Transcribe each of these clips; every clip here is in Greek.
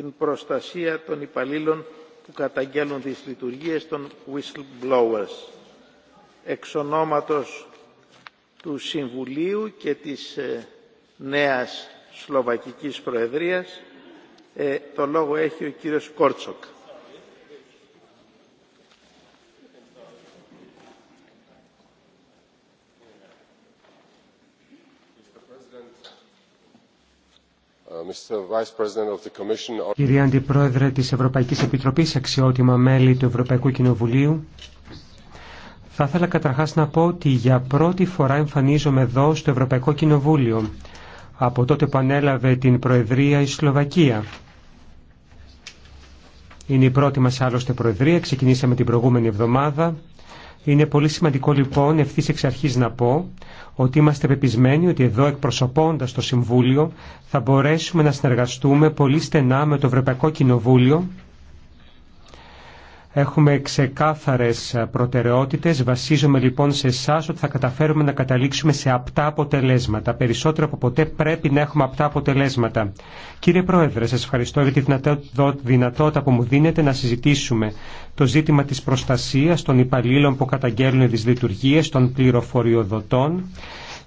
την προστασία των υπαλλήλων που καταγγέλουν τις λειτουργίες των whistleblowers. Εξ ονόματος του Συμβουλίου και της ε, νέας Σλοβακικής Προεδρίας ε, το λόγο έχει ο κύριος Κόρτσοκ. Uh, Κύριε Αντιπρόεδρε της Ευρωπαϊκής Επιτροπής, αξιότιμα μέλη του Ευρωπαϊκού Κοινοβουλίου, θα ήθελα καταρχάς να πω ότι για πρώτη φορά εμφανίζομαι εδώ στο Ευρωπαϊκό Κοινοβούλιο, από τότε που ανέλαβε την Προεδρία η Σλοβακία. Είναι η πρώτη μας άλλωστε Προεδρία, ξεκινήσαμε την προηγούμενη εβδομάδα είναι πολύ σημαντικό λοιπόν ευθύ εξ αρχή να πω ότι είμαστε πεπισμένοι ότι εδώ εκπροσωπώντας το Συμβούλιο θα μπορέσουμε να συνεργαστούμε πολύ στενά με το Ευρωπαϊκό Κοινοβούλιο Έχουμε ξεκάθαρες προτεραιότητες. Βασίζομαι λοιπόν σε εσά ότι θα καταφέρουμε να καταλήξουμε σε απτά αποτελέσματα. Περισσότερο από ποτέ πρέπει να έχουμε απτά αποτελέσματα. Κύριε Πρόεδρε, σας ευχαριστώ για τη δυνατότητα που μου δίνετε να συζητήσουμε το ζήτημα της προστασίας των υπαλλήλων που καταγγέλνουν τις λειτουργίες των πληροφοριοδοτών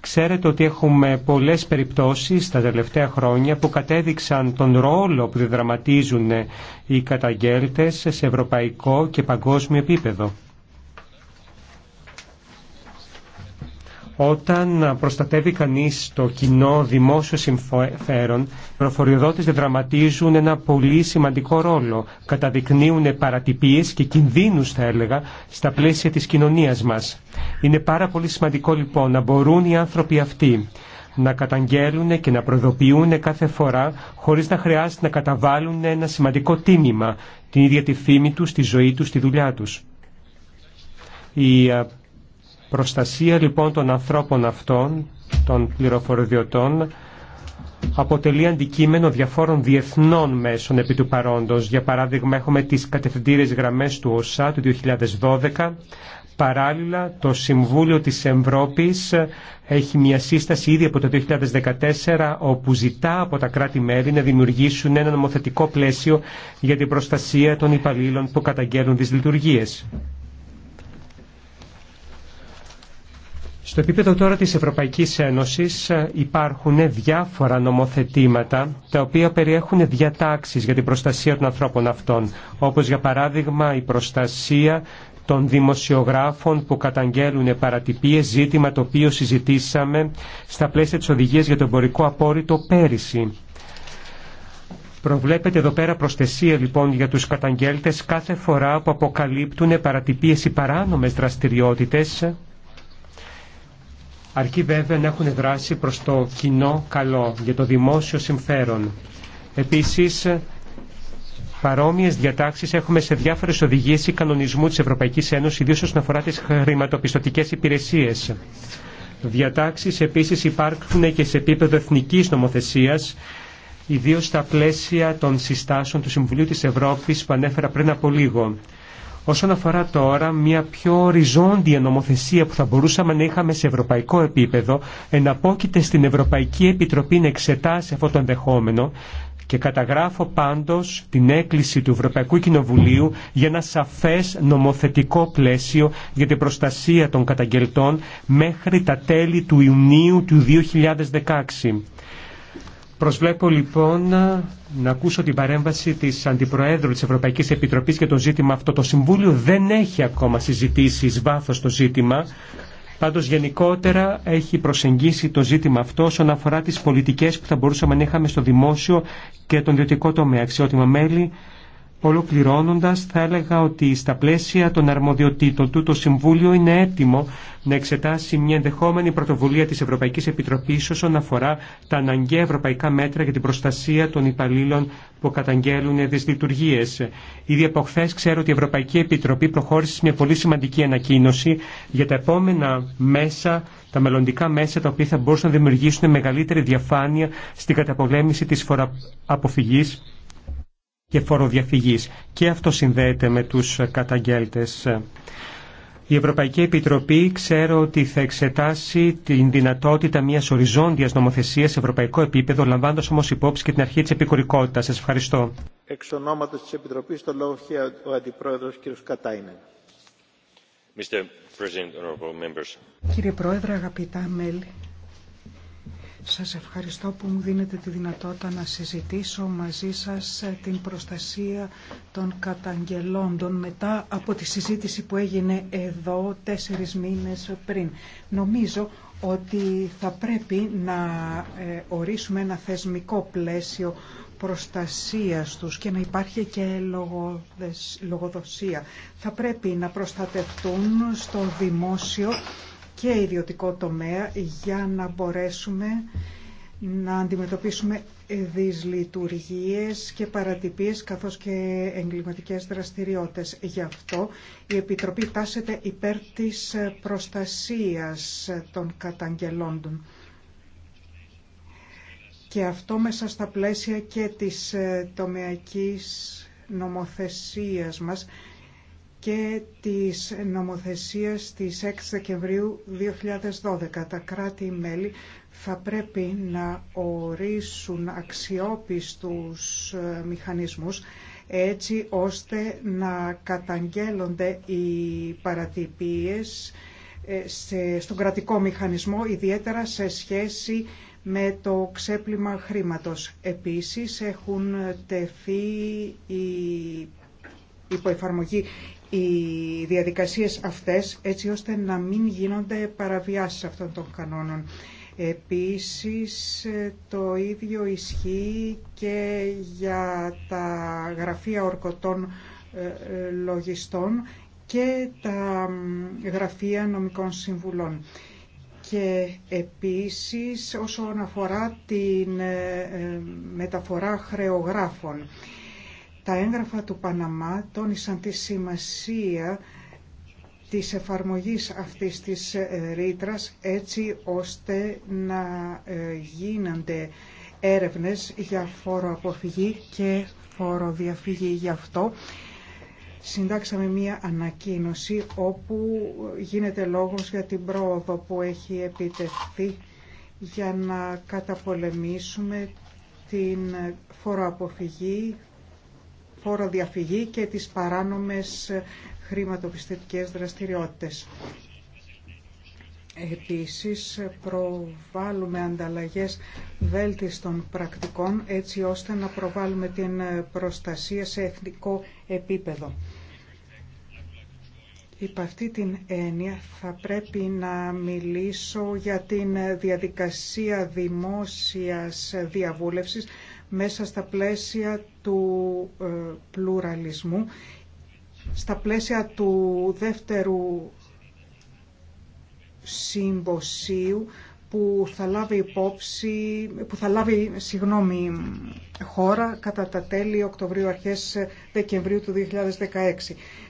Ξέρετε ότι έχουμε πολλές περιπτώσεις τα τελευταία χρόνια που κατέδειξαν τον ρόλο που διδραματίζουν οι καταγγέλτες σε ευρωπαϊκό και παγκόσμιο επίπεδο. Όταν προστατεύει κανείς το κοινό δημόσιο συμφέρον, προφοριοδότες διδραματίζουν ένα πολύ σημαντικό ρόλο. Καταδεικνύουν παρατυπίες και κινδύνους, θα έλεγα, στα πλαίσια της κοινωνίας μας. Είναι πάρα πολύ σημαντικό λοιπόν να μπορούν οι άνθρωποι αυτοί να καταγγέλουν και να προδοποιούν κάθε φορά χωρίς να χρειάζεται να καταβάλουν ένα σημαντικό τίμημα την ίδια τη φήμη τους, τη ζωή τους, τη δουλειά τους. Η ε, προστασία λοιπόν των ανθρώπων αυτών, των πληροφοριδιωτών, αποτελεί αντικείμενο διαφόρων διεθνών μέσων επί του παρόντος. Για παράδειγμα έχουμε τις κατευθυντήρες γραμμές του ΟΣΑ του 2012, Παράλληλα, το Συμβούλιο της Ευρώπης έχει μια σύσταση ήδη από το 2014 όπου ζητά από τα κράτη-μέλη να δημιουργήσουν ένα νομοθετικό πλαίσιο για την προστασία των υπαλλήλων που καταγγέλνουν τις λειτουργίες. Στο επίπεδο τώρα της Ευρωπαϊκής Ένωσης υπάρχουν διάφορα νομοθετήματα τα οποία περιέχουν διατάξεις για την προστασία των ανθρώπων αυτών, όπως για παράδειγμα η προστασία των δημοσιογράφων που καταγγέλουν παρατυπίες, ζήτημα το οποίο συζητήσαμε στα πλαίσια της οδηγίας για το εμπορικό απόρριτο πέρυσι. Προβλέπεται εδώ πέρα προστασία λοιπόν για τους καταγγέλτες κάθε φορά που αποκαλύπτουν παρατυπίες ή παράνομες δραστηριότητες αρκεί βέβαια να έχουν δράσει προς το κοινό καλό για το δημόσιο συμφέρον. Επίσης Παρόμοιε διατάξει έχουμε σε διάφορε οδηγίε ή κανονισμού τη Ευρωπαϊκή Ένωση, ιδίω όσον αφορά τι χρηματοπιστωτικέ υπηρεσίε. Διατάξει επίση υπάρχουν και σε επίπεδο εθνική νομοθεσία, ιδίω στα πλαίσια των συστάσεων του Συμβουλίου τη Ευρώπη που ανέφερα πριν από λίγο. Όσον αφορά τώρα μια πιο οριζόντια νομοθεσία που θα μπορούσαμε να είχαμε σε ευρωπαϊκό επίπεδο, εναπόκειται στην Ευρωπαϊκή Επιτροπή να εξετάσει αυτό το ενδεχόμενο και καταγράφω πάντως την έκκληση του Ευρωπαϊκού Κοινοβουλίου για ένα σαφές νομοθετικό πλαίσιο για την προστασία των καταγγελτών μέχρι τα τέλη του Ιουνίου του 2016. Προσβλέπω λοιπόν να ακούσω την παρέμβαση της Αντιπροέδρου της Ευρωπαϊκής Επιτροπής για το ζήτημα αυτό. Το Συμβούλιο δεν έχει ακόμα συζητήσει εις βάθος το ζήτημα. Πάντως γενικότερα έχει προσεγγίσει το ζήτημα αυτό όσον αφορά τις πολιτικές που θα μπορούσαμε να είχαμε στο δημόσιο και τον ιδιωτικό τομέα. Αξιότιμα μέλη, Ολοκληρώνοντας, θα έλεγα ότι στα πλαίσια των αρμοδιοτήτων του το Συμβούλιο είναι έτοιμο να εξετάσει μια ενδεχόμενη πρωτοβουλία της Ευρωπαϊκής Επιτροπής όσον αφορά τα αναγκαία ευρωπαϊκά μέτρα για την προστασία των υπαλλήλων που καταγγέλουν λειτουργίε. Ήδη από χθε ξέρω ότι η Ευρωπαϊκή Επιτροπή προχώρησε σε μια πολύ σημαντική ανακοίνωση για τα επόμενα μέσα, τα μελλοντικά μέσα τα οποία θα μπορούσαν να δημιουργήσουν μεγαλύτερη διαφάνεια στην καταπολέμηση τη φοραποφυγής και φοροδιαφυγής. Και αυτό συνδέεται με τους καταγγέλτες. Η Ευρωπαϊκή Επιτροπή ξέρω ότι θα εξετάσει την δυνατότητα μιας οριζόντιας νομοθεσίας σε ευρωπαϊκό επίπεδο, λαμβάνοντας όμως υπόψη και την αρχή της επικουρικότητας. Σας ευχαριστώ. Εξ της Επιτροπής, το λόγο έχει ο Αντιπρόεδρος κ. Κατάινεν. Κύριε Πρόεδρε, αγαπητά μέλη, σας ευχαριστώ που μου δίνετε τη δυνατότητα να συζητήσω μαζί σας την προστασία των καταγγελόντων μετά από τη συζήτηση που έγινε εδώ τέσσερις μήνες πριν. Νομίζω ότι θα πρέπει να ε, ορίσουμε ένα θεσμικό πλαίσιο προστασίας τους και να υπάρχει και λογοδοσία. Θα πρέπει να προστατευτούν στο δημόσιο και ιδιωτικό τομέα για να μπορέσουμε να αντιμετωπίσουμε δυσλειτουργίες και παρατυπίες καθώς και εγκληματικές δραστηριότητες. Γι' αυτό η Επιτροπή τάσεται υπέρ της προστασίας των καταγγελόντων. Και αυτό μέσα στα πλαίσια και της τομεακής νομοθεσίας μας και της νομοθεσίας της 6 Δεκεμβρίου 2012. Τα κράτη-μέλη θα πρέπει να ορίσουν αξιόπιστους ε, μηχανισμούς έτσι ώστε να καταγγέλλονται οι παρατυπίες ε, στον κρατικό μηχανισμό, ιδιαίτερα σε σχέση με το ξέπλυμα χρήματος. Επίσης έχουν τεθεί οι υπό εφαρμογή οι διαδικασίες αυτές έτσι ώστε να μην γίνονται παραβιάσεις αυτών των κανόνων. Επίσης το ίδιο ισχύει και για τα γραφεία ορκωτών ε, ε, λογιστών και τα γραφεία νομικών συμβουλών. Και επίσης όσον αφορά την ε, μεταφορά χρεογράφων τα έγγραφα του Παναμά τόνισαν τη σημασία της εφαρμογής αυτής της ε, ρήτρα έτσι ώστε να ε, γίνονται έρευνες για φοροαποφυγή και φοροδιαφυγή γι' αυτό. Συντάξαμε μία ανακοίνωση όπου γίνεται λόγος για την πρόοδο που έχει επιτευχθεί για να καταπολεμήσουμε την φοροαποφυγή, φοροδιαφυγή και τις παράνομες χρηματοπιστωτικές δραστηριότητες. Επίσης προβάλλουμε ανταλλαγές βέλτιστων πρακτικών έτσι ώστε να προβάλλουμε την προστασία σε εθνικό επίπεδο. Υπ' αυτή την έννοια θα πρέπει να μιλήσω για την διαδικασία δημόσιας διαβούλευσης μέσα στα πλαίσια του ε, πλουραλισμού, στα πλαίσια του δεύτερου συμποσίου που θα λάβει υπόψη, που θα λάβει, συγγνώμη, χώρα κατά τα τέλη Οκτωβρίου αρχές Δεκεμβρίου του 2016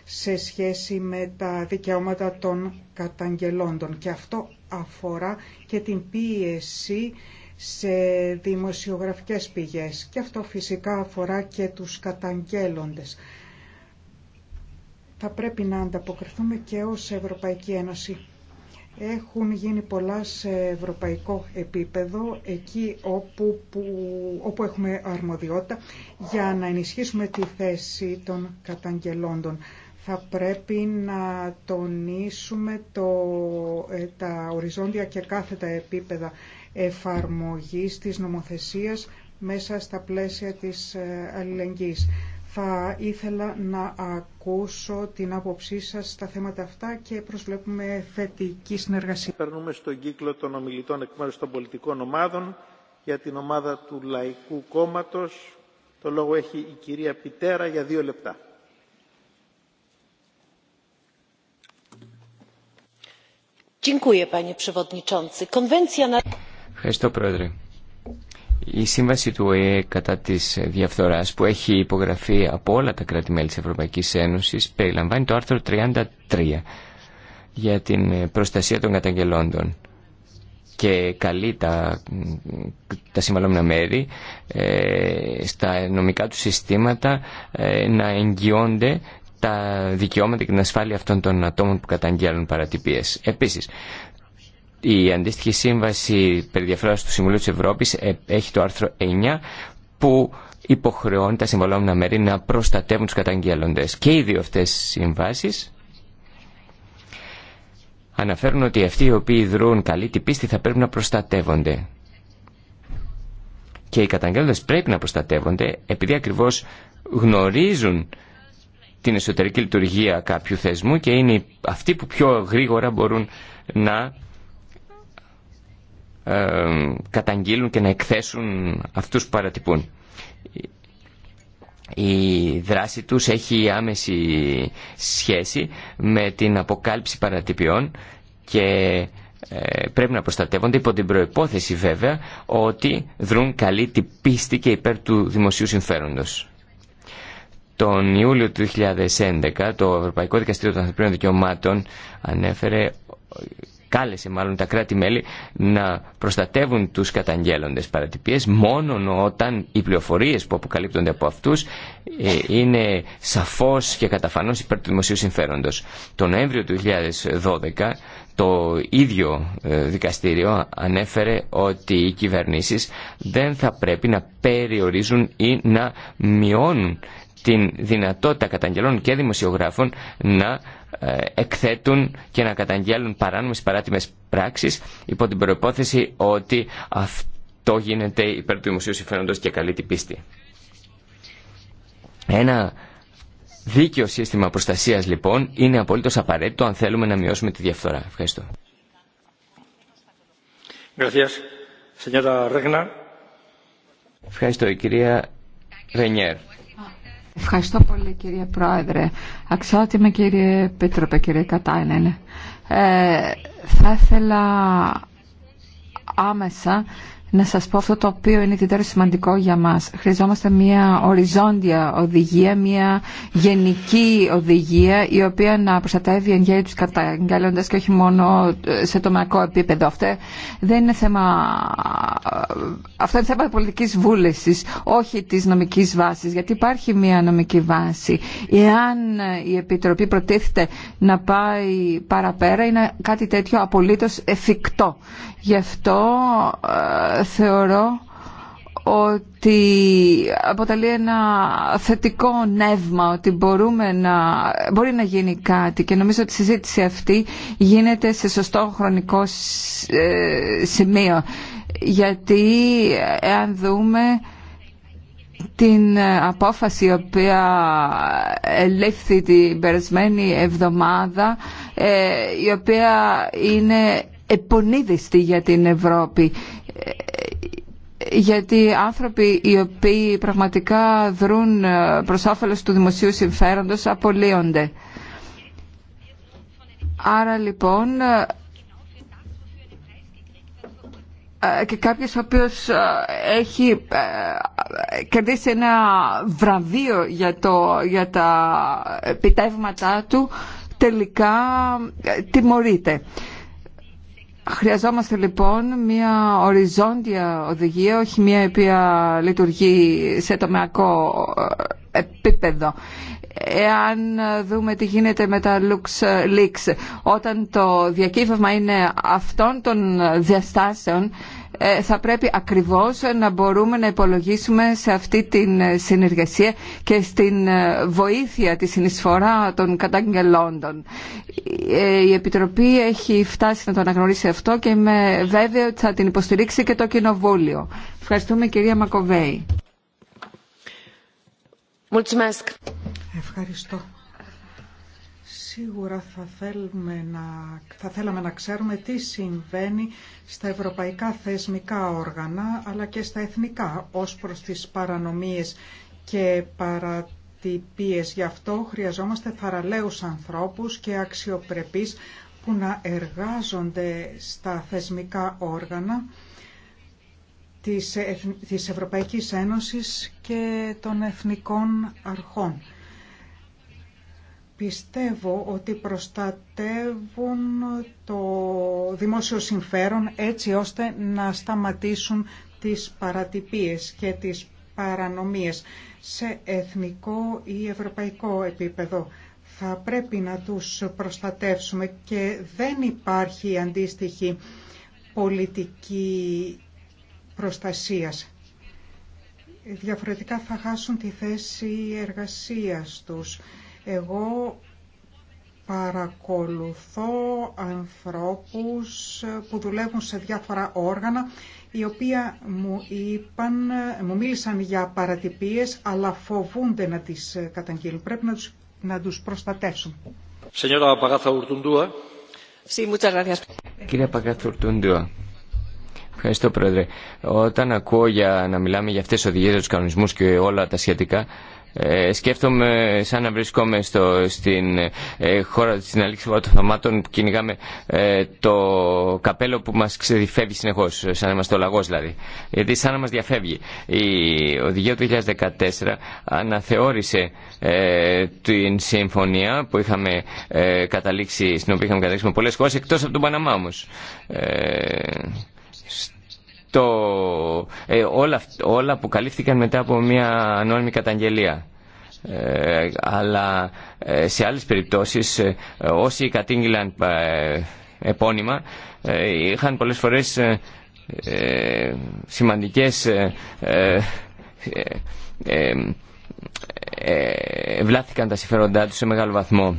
σε σχέση με τα δικαιώματα των καταγγελόντων και αυτό αφορά και την πίεση σε δημοσιογραφικές πηγές και αυτό φυσικά αφορά και τους καταγγέλλοντες. Θα πρέπει να ανταποκριθούμε και ως Ευρωπαϊκή Ένωση. Έχουν γίνει πολλά σε ευρωπαϊκό επίπεδο, εκεί όπου, που, όπου έχουμε αρμοδιότητα, για να ενισχύσουμε τη θέση των καταγγελόντων. Θα πρέπει να τονίσουμε το, ε, τα οριζόντια και κάθετα επίπεδα εφαρμογής της νομοθεσίας μέσα στα πλαίσια της ε, αλληλεγγύης. Θα ήθελα να ακούσω την άποψή σας στα θέματα αυτά και προσβλέπουμε θετική συνεργασία. Περνούμε στον κύκλο των ομιλητών εκ μέρους των πολιτικών ομάδων για την ομάδα του Λαϊκού Κόμματος. Το λόγο έχει η κυρία Πιτέρα για δύο λεπτά. Dziękuję, panie przewodniczący. Konwencja na... Ευχαριστώ Πρόεδρε. Η σύμβαση του ΟΗΕ κατά της διαφθοράς που έχει υπογραφεί από όλα τα κράτη-μέλη της Ευρωπαϊκής Ένωσης περιλαμβάνει το άρθρο 33 για την προστασία των καταγγελόντων και καλεί τα, τα μέρη ε, στα νομικά του συστήματα ε, να εγγυώνται τα δικαιώματα και την ασφάλεια αυτών των ατόμων που καταγγέλνουν παρατυπίες. Επίσης, η αντίστοιχη σύμβαση περί του Συμβουλίου της Ευρώπης ε, έχει το άρθρο 9 που υποχρεώνει τα συμβολόμενα μέρη να προστατεύουν τους καταγγέλλοντες. Και οι δύο αυτές συμβάσεις αναφέρουν ότι αυτοί οι οποίοι δρούν καλή την πίστη θα πρέπει να προστατεύονται. Και οι καταγγέλλοντες πρέπει να προστατεύονται επειδή ακριβώς γνωρίζουν την εσωτερική λειτουργία κάποιου θεσμού και είναι αυτοί που πιο γρήγορα μπορούν να ε, καταγγείλουν και να εκθέσουν αυτούς που παρατυπούν. Η δράση τους έχει άμεση σχέση με την αποκάλυψη παρατυπιών και ε, πρέπει να προστατεύονται υπό την προϋπόθεση βέβαια ότι δρούν καλή την πίστη και υπέρ του δημοσίου συμφέροντος. Τον Ιούλιο του 2011 το Ευρωπαϊκό Δικαστήριο των Ανθρωπίνων Δικαιωμάτων ανέφερε κάλεσε μάλλον τα κράτη-μέλη να προστατεύουν τους καταγγέλλοντες παρατυπίες μόνο όταν οι πληροφορίες που αποκαλύπτονται από αυτούς ε, είναι σαφώς και καταφανώς υπέρ του δημοσίου συμφέροντος. Το Νοέμβριο του 2012 το ίδιο ε, δικαστήριο ανέφερε ότι οι κυβερνήσεις δεν θα πρέπει να περιορίζουν ή να μειώνουν την δυνατότητα καταγγελών και δημοσιογράφων να ε, εκθέτουν και να καταγγέλουν παράνομες παράτιμες πράξεις υπό την προπόθεση ότι αυτό γίνεται υπέρ του δημοσίου συμφέροντος και καλή την πίστη. Ένα δίκαιο σύστημα προστασίας λοιπόν είναι απολύτως απαραίτητο αν θέλουμε να μειώσουμε τη διαφθορά. Ευχαριστώ. Ευχαριστώ η κυρία Ρενιέρ. Ευχαριστώ πολύ κύριε Πρόεδρε. Αξιότιμη κύριε Πίτροπε, κύριε Κατάινεν. Ε, θα ήθελα άμεσα να σας πω αυτό το οποίο είναι ιδιαίτερα σημαντικό για μας. Χρειαζόμαστε μια οριζόντια οδηγία, μια γενική οδηγία η οποία να προστατεύει εν γέρι τους καταγγέλλοντας και όχι μόνο ε, σε τομακό επίπεδο. Αυτό δεν είναι θέμα, ε, αυτό είναι θέμα πολιτικής βούλεσης, όχι της νομικής βάσης, γιατί υπάρχει μια νομική βάση. Εάν ε, η Επιτροπή προτίθεται να πάει παραπέρα, είναι κάτι τέτοιο απολύτως εφικτό. Γι' αυτό ε, θεωρώ ότι αποτελεί ένα θετικό νεύμα ότι μπορούμε να, μπορεί να γίνει κάτι και νομίζω ότι η συζήτηση αυτή γίνεται σε σωστό χρονικό ε, σημείο γιατί εάν δούμε την απόφαση η οποία ελήφθη την περασμένη εβδομάδα ε, η οποία είναι επονίδιστη για την Ευρώπη γιατί άνθρωποι οι οποίοι πραγματικά δρούν προς όφελος του δημοσίου συμφέροντος απολύονται. Άρα λοιπόν και κάποιος ο οποίος έχει ε, κερδίσει ένα βραβείο για, το, για τα επιτεύγματά του τελικά ε, τιμωρείται. Χρειαζόμαστε λοιπόν μια οριζόντια οδηγία, όχι μια η οποία λειτουργεί σε τομεακό ε, επίπεδο. Εάν δούμε τι γίνεται με τα Lux Leaks, όταν το διακύβευμα είναι αυτών των διαστάσεων, ε, θα πρέπει ακριβώς να μπορούμε να υπολογίσουμε σε αυτή την ε, συνεργασία και στην ε, βοήθεια τη συνεισφορά των καταγγελόντων. Η Επιτροπή έχει φτάσει να το αναγνωρίσει αυτό και είμαι βέβαιο ότι θα την υποστηρίξει και το Κοινοβούλιο. Ευχαριστούμε κυρία Μακοβέη. Ευχαριστώ. Σίγουρα θα, θέλουμε να, θα θέλαμε να ξέρουμε τι συμβαίνει στα ευρωπαϊκά θεσμικά όργανα αλλά και στα εθνικά ως προς τις παρανομίες και παρατυπίες. Γι' αυτό χρειαζόμαστε θαραλέους ανθρώπους και αξιοπρεπείς που να εργάζονται στα θεσμικά όργανα της Ευρωπαϊκής Ένωσης και των εθνικών αρχών. Πιστεύω ότι προστατεύουν το δημόσιο συμφέρον έτσι ώστε να σταματήσουν τις παρατυπίες και τις παρανομίες σε εθνικό ή ευρωπαϊκό επίπεδο. Θα πρέπει να τους προστατεύσουμε και δεν υπάρχει αντίστοιχη πολιτική προστασίας. Διαφορετικά θα χάσουν τη θέση εργασίας τους. Εγώ παρακολουθώ ανθρώπους που δουλεύουν σε διάφορα όργανα οι οποίοι μου, μου μίλησαν για παρατυπίες αλλά φοβούνται να τις καταγγείλουν. Πρέπει να τους, να τους προστατεύσουν. Κύριε Παγκαθουρτούντουα, ευχαριστώ Πρόεδρε. Όταν ακούω για να μιλάμε για αυτές τις οδηγίες, τους κανονισμούς και όλα τα σχετικά, ε, σκέφτομαι σαν να βρισκόμαι στο, στην ε, χώρα της συναλήξης των θαμάτων, που κυνηγάμε ε, το καπέλο που μας ξεδιφεύγει συνεχώς, σαν να είμαστε ο λαγός δηλαδή. Γιατί σαν να μας διαφεύγει. Η οδηγία του 2014 αναθεώρησε ε, την συμφωνία που είχαμε καταλήξει, στην οποία είχαμε καταλήξει με πολλές χώρες, εκτός από τον Παναμά όμως το, ε, όλα, όλα καλύφθηκαν μετά από μια ανώνυμη καταγγελία. Ε, αλλά ε, σε άλλες περιπτώσεις ε, όσοι κατήγγυλαν επώνυμα είχαν πολλές φορές σημαντικές βλάθηκαν τα συμφέροντά τους σε μεγάλο βαθμό.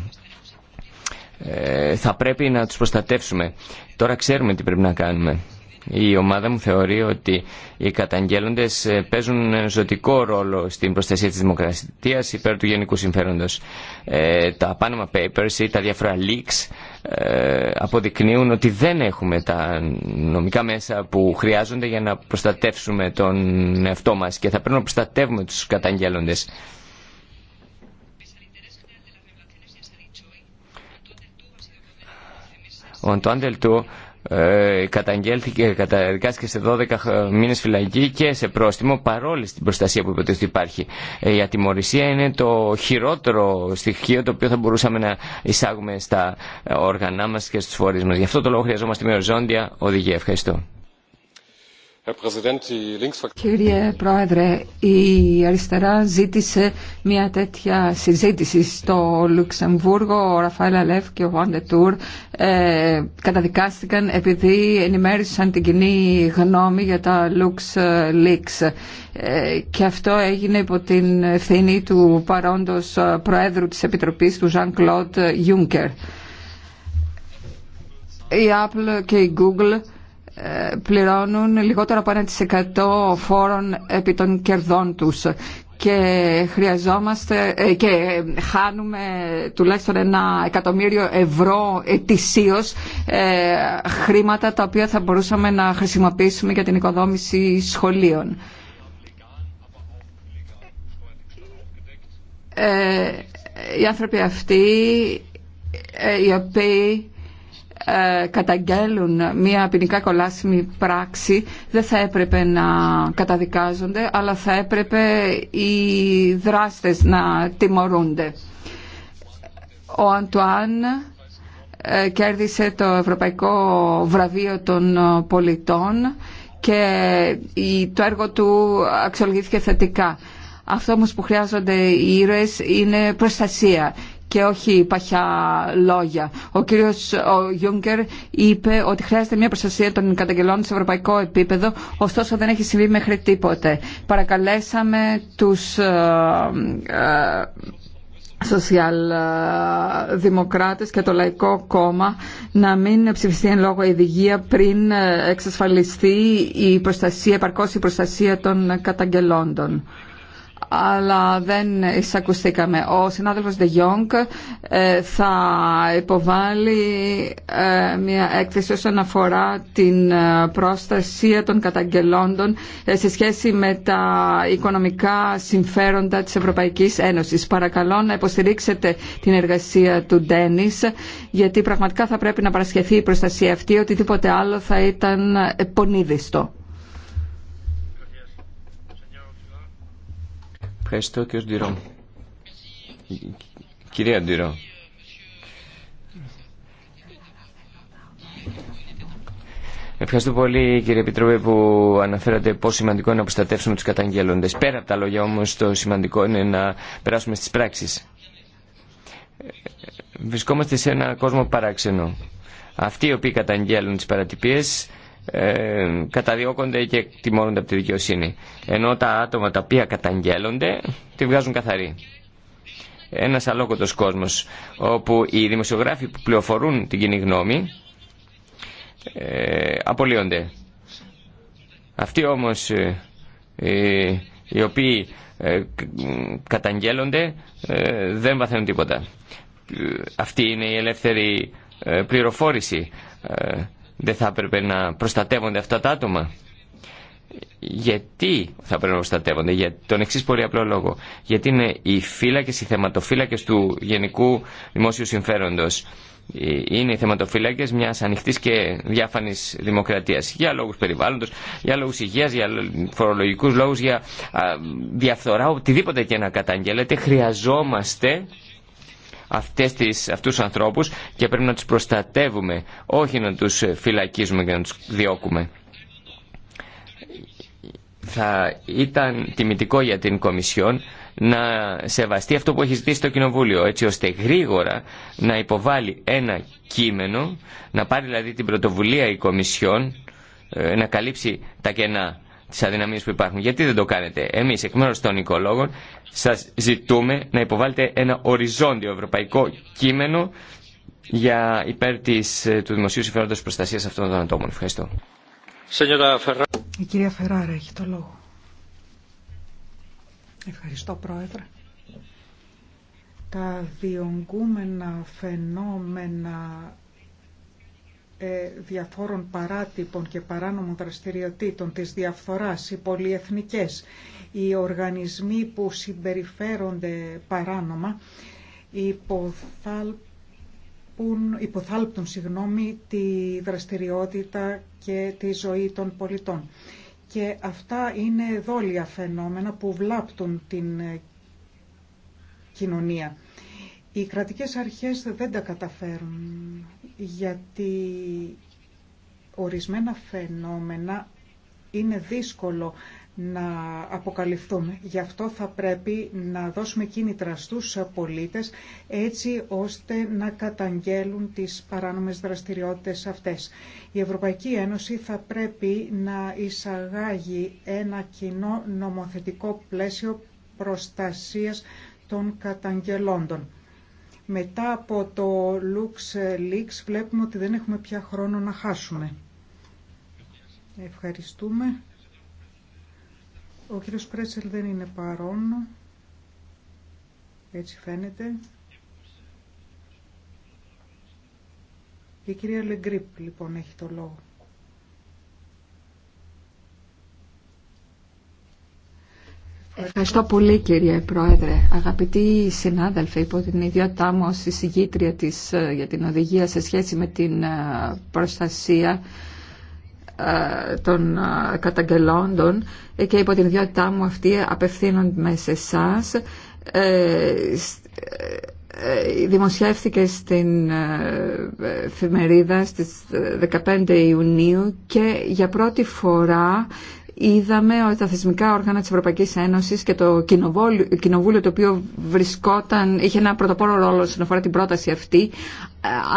Θα πρέπει να τους προστατεύσουμε. Τώρα ξέρουμε τι πρέπει να κάνουμε. Η ομάδα μου θεωρεί ότι οι καταγγέλλοντες ε, παίζουν ζωτικό ρόλο στην προστασία της δημοκρατίας υπέρ του γενικού συμφέροντος. Ε, τα Panama Papers ή τα διάφορα leaks ε, αποδεικνύουν ότι δεν έχουμε τα νομικά μέσα που χρειάζονται για να προστατεύσουμε τον εαυτό μας και θα πρέπει να προστατεύουμε τους καταγγέλλοντες. Ο ε, καταγγέλθηκε, καταδικάστηκε σε 12 μήνες φυλακή και σε πρόστιμο παρόλη στην προστασία που υποτίθεται υπάρχει. Ε, η ατιμορρησία είναι το χειρότερο στοιχείο το οποίο θα μπορούσαμε να εισάγουμε στα ε, όργανά μας και στους φορείς μας. Γι' αυτό το λόγο χρειαζόμαστε με οριζόντια οδηγία. Ευχαριστώ. Κύριε Πρόεδρε, η αριστερά ζήτησε μια τέτοια συζήτηση στο Λουξεμβούργο. Ο Ραφαέλ Αλέφ και ο Βάντε Τούρ ε, καταδικάστηκαν επειδή ενημέρωσαν την κοινή γνώμη για τα Λουξ ε, λίξ ε, και αυτό έγινε υπό την ευθύνη του παρόντος ε, Προέδρου της Επιτροπής του Ζαν Κλοντ Juncker. Η Apple και η Google πληρώνουν λιγότερο από 1% φόρων επί των κερδών τους και χρειαζόμαστε ε, και χάνουμε τουλάχιστον ένα εκατομμύριο ευρώ ετησίως ε, χρήματα τα οποία θα μπορούσαμε να χρησιμοποιήσουμε για την οικοδόμηση σχολείων. Ε, οι άνθρωποι αυτοί οι οποίοι ε, καταγγέλουν μια ποινικά κολάσιμη πράξη δεν θα έπρεπε να καταδικάζονται αλλά θα έπρεπε οι δράστες να τιμωρούνται. Ο Αντουάν ε, κέρδισε το Ευρωπαϊκό Βραβείο των Πολιτών και το έργο του αξιολογήθηκε θετικά. Αυτό όμως που χρειάζονται οι ήρωες είναι προστασία και όχι παχιά λόγια. Ο κύριος Γιούγκερ είπε ότι χρειάζεται μια προστασία των καταγγελών σε ευρωπαϊκό επίπεδο, ωστόσο δεν έχει συμβεί μέχρι τίποτε. Παρακαλέσαμε τους ε, ε, σοσιαλδημοκράτες και το Λαϊκό Κόμμα να μην ψηφιστεί εν λόγω ειδηγία πριν εξασφαλιστεί η προστασία, επαρκώς η προστασία των καταγγελόντων αλλά δεν εισακουστήκαμε. Ο συνάδελφος De Jong ε, θα υποβάλει ε, μια έκθεση όσον αφορά την ε, προστασία των καταγγελόντων σε σχέση με τα οικονομικά συμφέροντα της Ευρωπαϊκής Ένωσης. Παρακαλώ να υποστηρίξετε την εργασία του Ντένις, γιατί πραγματικά θα πρέπει να παρασχεθεί η προστασία αυτή, οτιδήποτε άλλο θα ήταν πονίδιστο. Ευχαριστώ κύριο Ντυρό. Κυρία Ντυρό. Ευχαριστώ πολύ κύριε Επιτρόπε που αναφέρατε πόσο σημαντικό είναι να προστατεύσουμε τους καταγγέλλοντες. Πέρα από τα λόγια όμως το σημαντικό είναι να περάσουμε στις πράξεις. Βρισκόμαστε σε ένα κόσμο παράξενο. Αυτοί οι οποίοι καταγγέλνουν τις παρατυπίες ε, καταδιώκονται και τιμώνονται από τη δικαιοσύνη. Ενώ τα άτομα τα οποία καταγγέλλονται τη βγάζουν καθαρή. Ένα αλόκοτο κόσμος όπου οι δημοσιογράφοι που πληροφορούν την κοινή γνώμη ε, απολύονται. Αυτοί όμως ε, οι οποίοι ε, καταγγέλλονται ε, δεν βαθαίνουν τίποτα. Ε, αυτή είναι η ελεύθερη πληροφόρηση δεν θα έπρεπε να προστατεύονται αυτά τα άτομα. Γιατί θα πρέπει να προστατεύονται, για τον εξή πολύ απλό λόγο. Γιατί είναι οι φύλακε, οι θεματοφύλακε του γενικού δημόσιου συμφέροντο. Ε, είναι οι θεματοφύλακε μια ανοιχτή και διάφανη δημοκρατία. Για λόγου περιβάλλοντο, για λόγου υγεία, για φορολογικού λόγου, για διαφθορά, οτιδήποτε και να καταγγέλλεται, χρειαζόμαστε αυτές τις, αυτούς τους ανθρώπους και πρέπει να τους προστατεύουμε, όχι να τους φυλακίζουμε και να τους διώκουμε. Θα ήταν τιμητικό για την Κομισιόν να σεβαστεί αυτό που έχει ζητήσει το Κοινοβούλιο, έτσι ώστε γρήγορα να υποβάλει ένα κείμενο, να πάρει δηλαδή την πρωτοβουλία η Κομισιόν, ε, να καλύψει τα κενά τι αδυναμίες που υπάρχουν. Γιατί δεν το κάνετε. Εμείς εκ μέρους των οικολόγων σας ζητούμε να υποβάλλετε ένα οριζόντιο ευρωπαϊκό κείμενο για υπέρ ε, του δημοσίου συμφέροντος προστασίας αυτών των ατόμων. Ευχαριστώ. Η κυρία Φεράρα έχει το λόγο. Ευχαριστώ Πρόεδρε. Τα διονγκούμενα φαινόμενα ε, διαφόρων παράτυπων και παράνομων δραστηριοτήτων, της διαφθοράς, οι πολυεθνικές, οι οργανισμοί που συμπεριφέρονται παράνομα, υποθάλπουν, υποθάλπτουν συγγνώμη, τη δραστηριότητα και τη ζωή των πολιτών. Και αυτά είναι δόλια φαινόμενα που βλάπτουν την ε, κοινωνία. Οι κρατικές αρχές δεν τα καταφέρουν γιατί ορισμένα φαινόμενα είναι δύσκολο να αποκαλυφθούν. Γι' αυτό θα πρέπει να δώσουμε κίνητρα στους πολίτες έτσι ώστε να καταγγέλουν τις παράνομες δραστηριότητες αυτές. Η Ευρωπαϊκή Ένωση θα πρέπει να εισαγάγει ένα κοινό νομοθετικό πλαίσιο προστασίας των καταγγελόντων. Μετά από το Lux Leaks βλέπουμε ότι δεν έχουμε πια χρόνο να χάσουμε. Ευχαριστούμε. Ο κύριος Πρέτσελ δεν είναι παρόν. Έτσι φαίνεται. Η κυρία Λεγκρίπ λοιπόν έχει το λόγο. Ευχαριστώ πολύ κύριε Πρόεδρε. Αγαπητοί συνάδελφοι, υπό την ιδιότητά μου ως εισηγήτρια της, ε, για την οδηγία σε σχέση με την ε, προστασία ε, των καταγγελόντων και υπό την ιδιότητά μου αυτή απευθύνονται σε εσά. Δημοσιεύθηκε στην εφημερίδα στις 15 Ιουνίου και για πρώτη φορά είδαμε ότι τα θεσμικά όργανα της Ευρωπαϊκής Ένωσης και το κοινοβούλιο, το οποίο βρισκόταν, είχε ένα πρωτοπόρο ρόλο στην αφορά την πρόταση αυτή,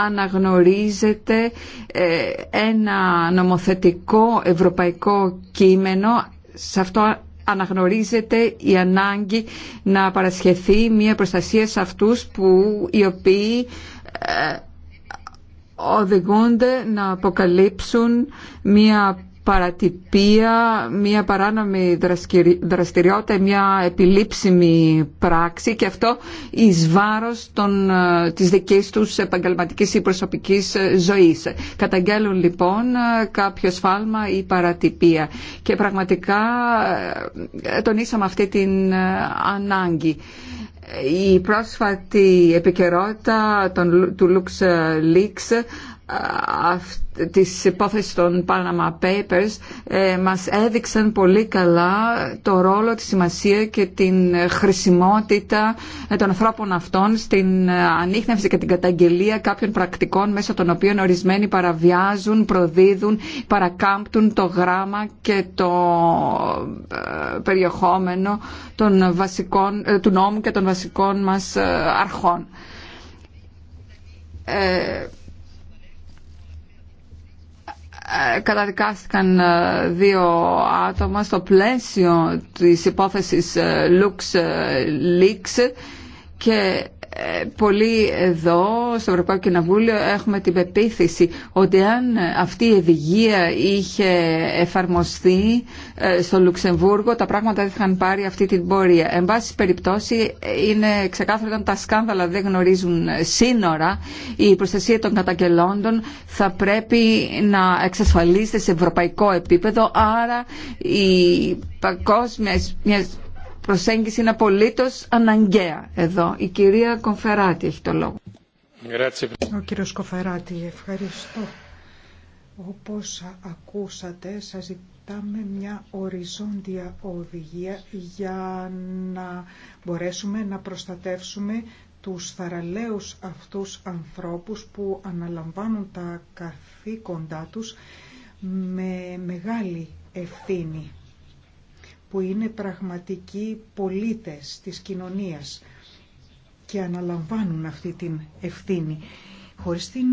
αναγνωρίζεται ε, ένα νομοθετικό ευρωπαϊκό κείμενο, σε αυτό αναγνωρίζεται η ανάγκη να παρασχεθεί μια προστασία σε αυτούς που, οι οποίοι ε, οδηγούνται να αποκαλύψουν μια παρατυπία, μια παράνομη δραστηριότητα, μια επιλήψιμη πράξη και αυτό εις βάρος των, ε, της δικής τους επαγγελματικής ή προσωπικής ε, ζωής. Καταγγέλουν λοιπόν ε, κάποιο σφάλμα ή παρατυπία και πραγματικά τονίσαμε αυτή την ανάγκη. Η πρόσφατη επικαιρότητα του Lux της υπόθεσης των Panama Papers ε, μας έδειξαν πολύ καλά το ρόλο, τη σημασία και την χρησιμότητα ε, των ανθρώπων αυτών στην ε, ανείχνευση και την καταγγελία κάποιων πρακτικών μέσω των οποίων ορισμένοι παραβιάζουν, προδίδουν, παρακάμπτουν το γράμμα και το περιεχόμενο των βασικών, του νόμου και των βασικών μας αρχών. Ε, καταδικάστηκαν ε, δύο άτομα στο πλαίσιο της υπόθεσης ε, Lux Leaks και πολύ εδώ στο Ευρωπαϊκό Κοινοβούλιο έχουμε την πεποίθηση ότι αν αυτή η ευηγία είχε εφαρμοστεί ε, στο Λουξεμβούργο τα πράγματα δεν είχαν πάρει αυτή την πορεία. Εν πάση περιπτώσει είναι ξεκάθαρο ότι τα σκάνδαλα δεν γνωρίζουν σύνορα η προστασία των καταγγελόντων θα πρέπει να εξασφαλίζεται σε ευρωπαϊκό επίπεδο άρα η παγκόσμια προσέγγιση είναι απολύτω αναγκαία εδώ. Η κυρία Κοφεράτη έχει το λόγο. Ο κύριος Κοφεράτη, ευχαριστώ. Όπως ακούσατε, σας ζητάμε μια οριζόντια οδηγία για να μπορέσουμε να προστατεύσουμε τους θαραλέους αυτούς ανθρώπους που αναλαμβάνουν τα καθήκοντά τους με μεγάλη ευθύνη που είναι πραγματικοί πολίτες της κοινωνίας και αναλαμβάνουν αυτή την ευθύνη. Χωρίς την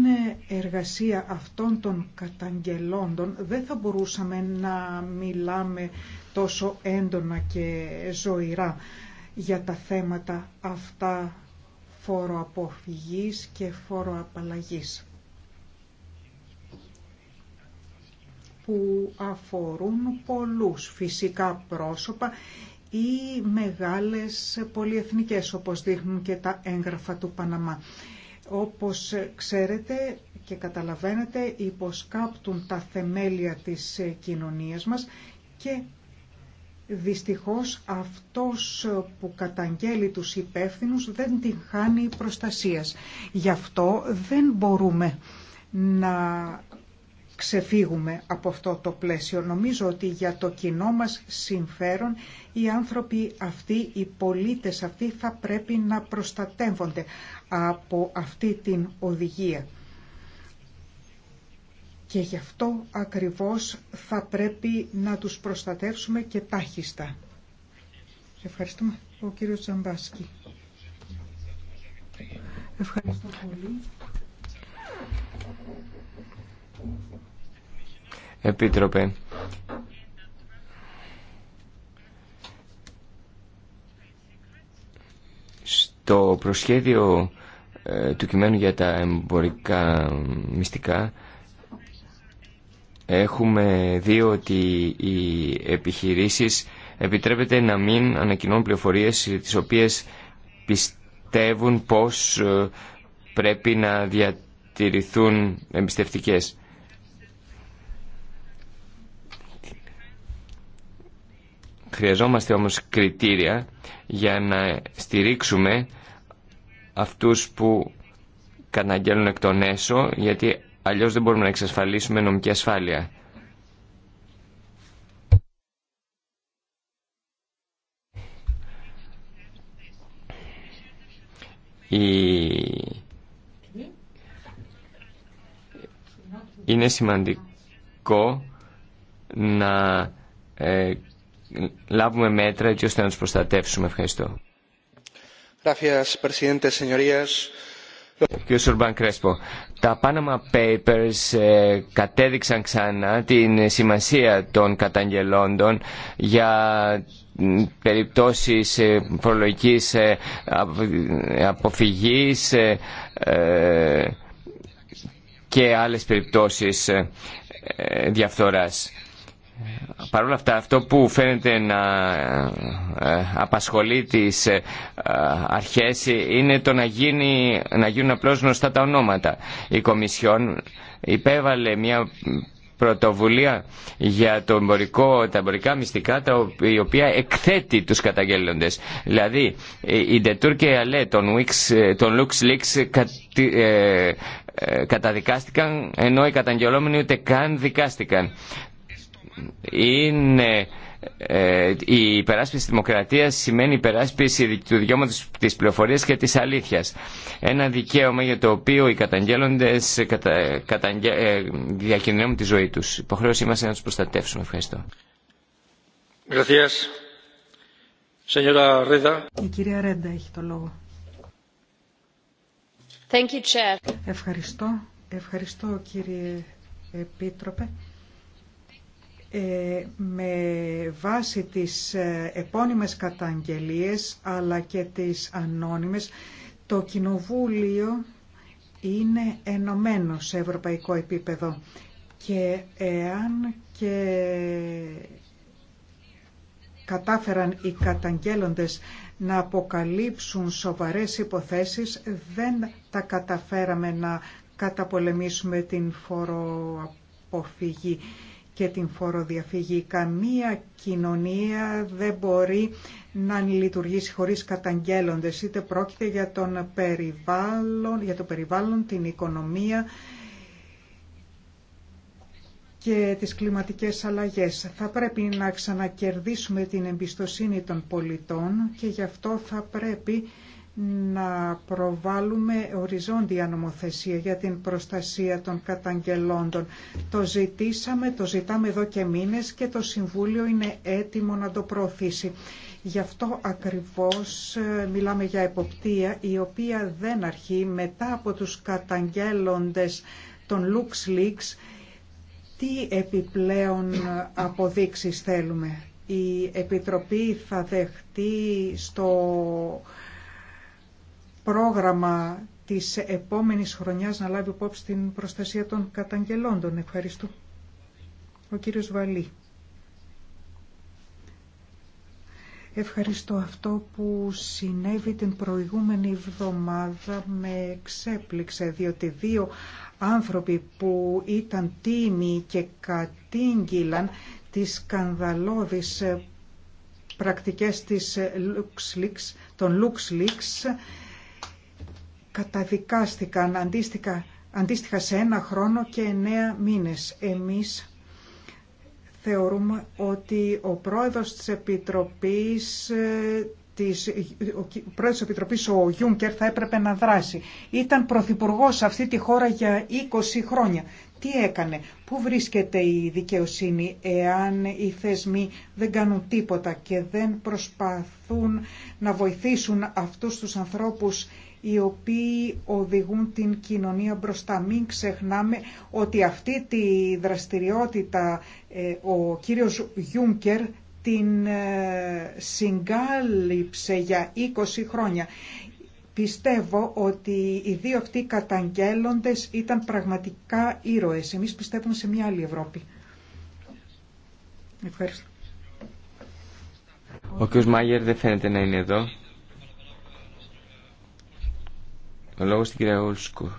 εργασία αυτών των καταγγελόντων δεν θα μπορούσαμε να μιλάμε τόσο έντονα και ζωηρά για τα θέματα αυτά φοροαποφυγής και φόρο φοροαπαλλαγής. που αφορούν πολλούς φυσικά πρόσωπα ή μεγάλες πολυεθνικές όπως δείχνουν και τα έγγραφα του Παναμά. Όπως ξέρετε και καταλαβαίνετε υποσκάπτουν τα θεμέλια της κοινωνίας μας και δυστυχώς αυτός που καταγγέλει τους υπεύθυνου δεν την χάνει προστασίας. Γι' αυτό δεν μπορούμε να ξεφύγουμε από αυτό το πλαίσιο. Νομίζω ότι για το κοινό μας συμφέρον οι άνθρωποι αυτοί, οι πολίτες αυτοί θα πρέπει να προστατεύονται από αυτή την οδηγία. Και γι' αυτό ακριβώς θα πρέπει να τους προστατεύσουμε και τάχιστα. Ευχαριστούμε. Ο κύριος Τζαμπάσκι. Ευχαριστώ πολύ. Επίτροπε, στο προσχέδιο ε, του κειμένου για τα εμπορικά μυστικά έχουμε δει ότι οι επιχειρήσεις επιτρέπεται να μην ανακοινώνουν πληροφορίες τις οποίες πιστεύουν πως ε, πρέπει να διατηρηθούν εμπιστευτικές. Χρειαζόμαστε όμως κριτήρια για να στηρίξουμε αυτούς που καταγγέλνουν εκ των έσω, γιατί αλλιώς δεν μπορούμε να εξασφαλίσουμε νομική ασφάλεια. Είναι σημαντικό να ε, λάβουμε μέτρα έτσι ώστε να τους προστατεύσουμε. Ευχαριστώ. Κύριε Σουρμπάν Κρέσπο, τα Panama Papers ε, κατέδειξαν ξανά την σημασία των καταγγελόντων για περιπτώσεις ε, φορολογικής ε, αποφυγής και άλλες περιπτώσεις διαφθοράς. Παρ' όλα αυτά αυτό που φαίνεται να ε, ε, απασχολεί τις ε, αρχές είναι το να, γίνει, να γίνουν απλώς γνωστά τα ονόματα. Η Κομισιόν υπέβαλε μια πρωτοβουλία για το εμπορικό, τα εμπορικά μυστικά τα, η οποία εκθέτει τους καταγγέλλοντες. Δηλαδή η Ντετούρ και η Αλέ τον καταδικάστηκαν ενώ οι καταγγελόμενοι ούτε καν δικάστηκαν είναι ε, η υπεράσπιση της δημοκρατίας σημαίνει υπεράσπιση του δικαιώματος της πληροφορίας και της αλήθειας. Ένα δικαίωμα για το οποίο οι καταγγέλλοντες κατα, ε, διακινδυνεύουν τη ζωή τους. Υποχρέωσή μας είναι να τους προστατεύσουμε. Ευχαριστώ. Η κυρία Ρέντα έχει το λόγο. Ευχαριστώ. Ευχαριστώ κύριε Επίτροπε με βάση τις ε, επώνυμες καταγγελίες αλλά και τις ανώνυμες, το Κοινοβούλιο είναι ενωμένο σε ευρωπαϊκό επίπεδο και εάν και κατάφεραν οι καταγγέλλοντες να αποκαλύψουν σοβαρές υποθέσεις, δεν τα καταφέραμε να καταπολεμήσουμε την φοροαποφυγή και την φοροδιαφυγή. Καμία κοινωνία δεν μπορεί να λειτουργήσει χωρίς καταγγέλλοντες, είτε πρόκειται για, τον περιβάλλον, για το περιβάλλον, την οικονομία και τις κλιματικές αλλαγές. Θα πρέπει να ξανακερδίσουμε την εμπιστοσύνη των πολιτών και γι' αυτό θα πρέπει να προβάλλουμε οριζόντια νομοθεσία για την προστασία των καταγγελόντων. Το ζητήσαμε, το ζητάμε εδώ και μήνες και το Συμβούλιο είναι έτοιμο να το προωθήσει. Γι' αυτό ακριβώς ε, μιλάμε για εποπτεία η οποία δεν αρχεί μετά από τους καταγγέλλοντες των LuxLeaks. Τι επιπλέον ε, αποδείξεις θέλουμε. Η Επιτροπή θα δεχτεί στο πρόγραμμα της επόμενης χρονιάς να λάβει υπόψη την προστασία των καταγγελόντων. Ευχαριστώ. Ο κύριος Βαλή. Ευχαριστώ αυτό που συνέβη την προηγούμενη εβδομάδα με ξέπληξε, διότι δύο άνθρωποι που ήταν τίμοι και κατήγγυλαν τις σκανδαλώδεις πρακτικές της LuxLeaks, των LuxLeaks καταδικάστηκαν αντίστοιχα, αντίστοιχα σε ένα χρόνο και εννέα μήνες. Εμείς θεωρούμε ότι ο πρόεδρος της Επιτροπής ε, της, ο πρόεδρος της Επιτροπής, ο Γιούνκερ, θα έπρεπε να δράσει. Ήταν πρωθυπουργό αυτή τη χώρα για 20 χρόνια. Τι έκανε, πού βρίσκεται η δικαιοσύνη εάν οι θεσμοί δεν κάνουν τίποτα και δεν προσπαθούν να βοηθήσουν αυτούς τους ανθρώπους οι οποίοι οδηγούν την κοινωνία μπροστά. Μην ξεχνάμε ότι αυτή τη δραστηριότητα ε, ο κύριος Γιούνκερ την ε, συγκάλυψε για 20 χρόνια. Πιστεύω ότι οι δύο αυτοί καταγγέλλοντες ήταν πραγματικά ήρωες. Εμείς πιστεύουμε σε μια άλλη Ευρώπη. Ευχαριστώ. Ο κ. Μάγερ δεν φαίνεται να είναι εδώ. Ο λόγος στην κυρία Ολσκου.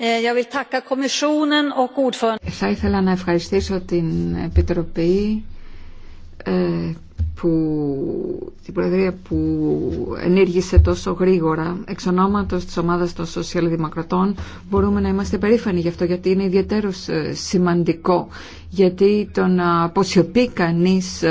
Ε, Θα ήθελα να ευχαριστήσω την Επιτροπή ε, που, την Προεδρία που ενήργησε τόσο γρήγορα εξ ονόματος της ομάδας των σοσιαλδημοκρατών μπορούμε να είμαστε περήφανοι γι' αυτό γιατί είναι ιδιαίτερο ε, σημαντικό γιατί το να αποσιωπεί κανείς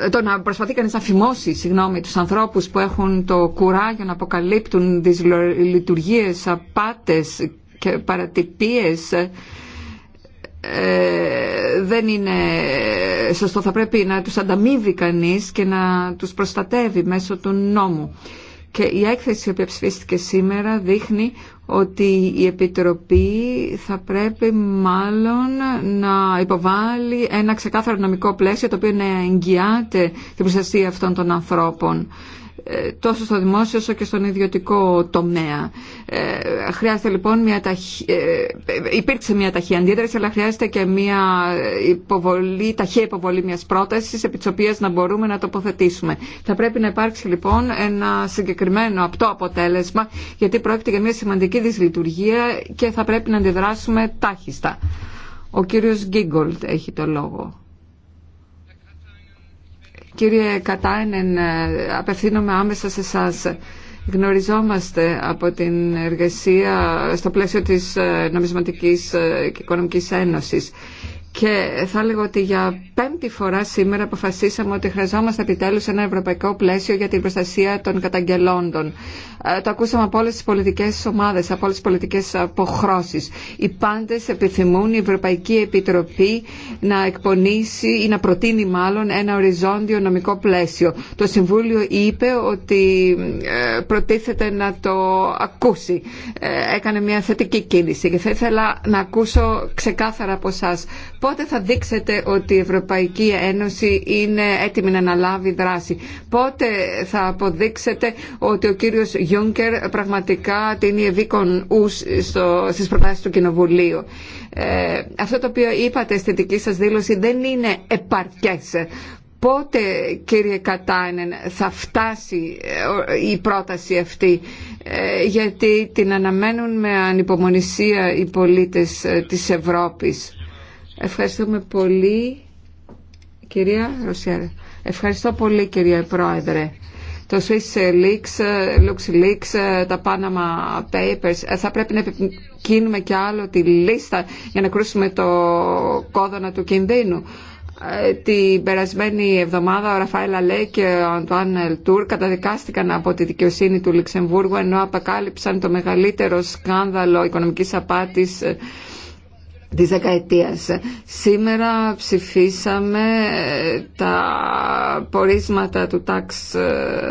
ε, το να προσπαθεί κανείς να φημώσει συγγνώμη, τους ανθρώπους που έχουν το κουράγιο να αποκαλύπτουν τις λειτουργίες, απάτες και παρατυπίες ε, δεν είναι σωστό. Θα πρέπει να τους ανταμείβει κανείς και να τους προστατεύει μέσω του νόμου. Και η έκθεση που ψηφίστηκε σήμερα δείχνει ότι η Επιτροπή θα πρέπει μάλλον να υποβάλει ένα ξεκάθαρο νομικό πλαίσιο το οποίο να εγγυάται την προστασία αυτών των ανθρώπων. Ε, τόσο στο δημόσιο όσο και στον ιδιωτικό τομέα. Ε, χρειάζεται λοιπόν μια ε, υπήρξε μια ταχεία αντίδραση, αλλά χρειάζεται και μια υποβολή, ταχεία υποβολή μιας πρότασης επί της οποίας να μπορούμε να τοποθετήσουμε. Θα πρέπει να υπάρξει λοιπόν ένα συγκεκριμένο απτό αποτέλεσμα, γιατί πρόκειται για μια σημαντική δυσλειτουργία και θα πρέπει να αντιδράσουμε τάχιστα. Ο κύριος Γκίγκολτ έχει το λόγο. Κύριε Κατάινεν, ε, απευθύνομαι άμεσα σε εσά. Γνωριζόμαστε από την εργασία στο πλαίσιο της ε, Νομισματικής ε, και Οικονομικής Ένωσης. Και θα έλεγα ότι για πέμπτη φορά σήμερα αποφασίσαμε ότι χρειαζόμαστε επιτέλους ένα ευρωπαϊκό πλαίσιο για την προστασία των καταγγελόντων. Ε, το ακούσαμε από όλε τι πολιτικές ομάδε από όλε τι πολιτικές αποχρώσεις. Οι πάντες επιθυμούν η Ευρωπαϊκή Επιτροπή να εκπονήσει ή να προτείνει μάλλον ένα οριζόντιο νομικό πλαίσιο. Το Συμβούλιο είπε ότι ε, προτίθεται να το ακούσει. Ε, έκανε μια θετική κίνηση και θα ήθελα να ακούσω ξεκάθαρα από εσά. Πότε θα δείξετε ότι η Ευρωπαϊκή Ένωση είναι έτοιμη να αναλάβει δράση. Πότε θα αποδείξετε ότι ο κύριος Γιούνκερ πραγματικά την ευήκον ους στο, στις προτάσεις του Κοινοβουλίου. Ε, αυτό το οποίο είπατε στη δική σας δήλωση δεν είναι επαρκές. Πότε, κύριε Κατάινεν, θα φτάσει ε, η πρόταση αυτή, ε, γιατί την αναμένουν με ανυπομονησία οι πολίτες της Ευρώπης. Ευχαριστούμε πολύ, κυρία Ρωσιέρα. Ευχαριστώ πολύ, κυρία Πρόεδρε το Swiss Leaks, LuxLeaks, τα Panama Papers. Ε, θα πρέπει να επικίνουμε και άλλο τη λίστα για να κρούσουμε το κόδωνα του κινδύνου. Ε, την περασμένη εβδομάδα ο Ραφαέλα Λέ και ο Αντουάν Ελτούρ καταδικάστηκαν από τη δικαιοσύνη του Λουξεμβούργου ενώ αποκάλυψαν το μεγαλύτερο σκάνδαλο οικονομικής απάτης ε, της δεκαετίας. Σήμερα ψηφίσαμε ε, τα πορίσματα του Tax 2 ε,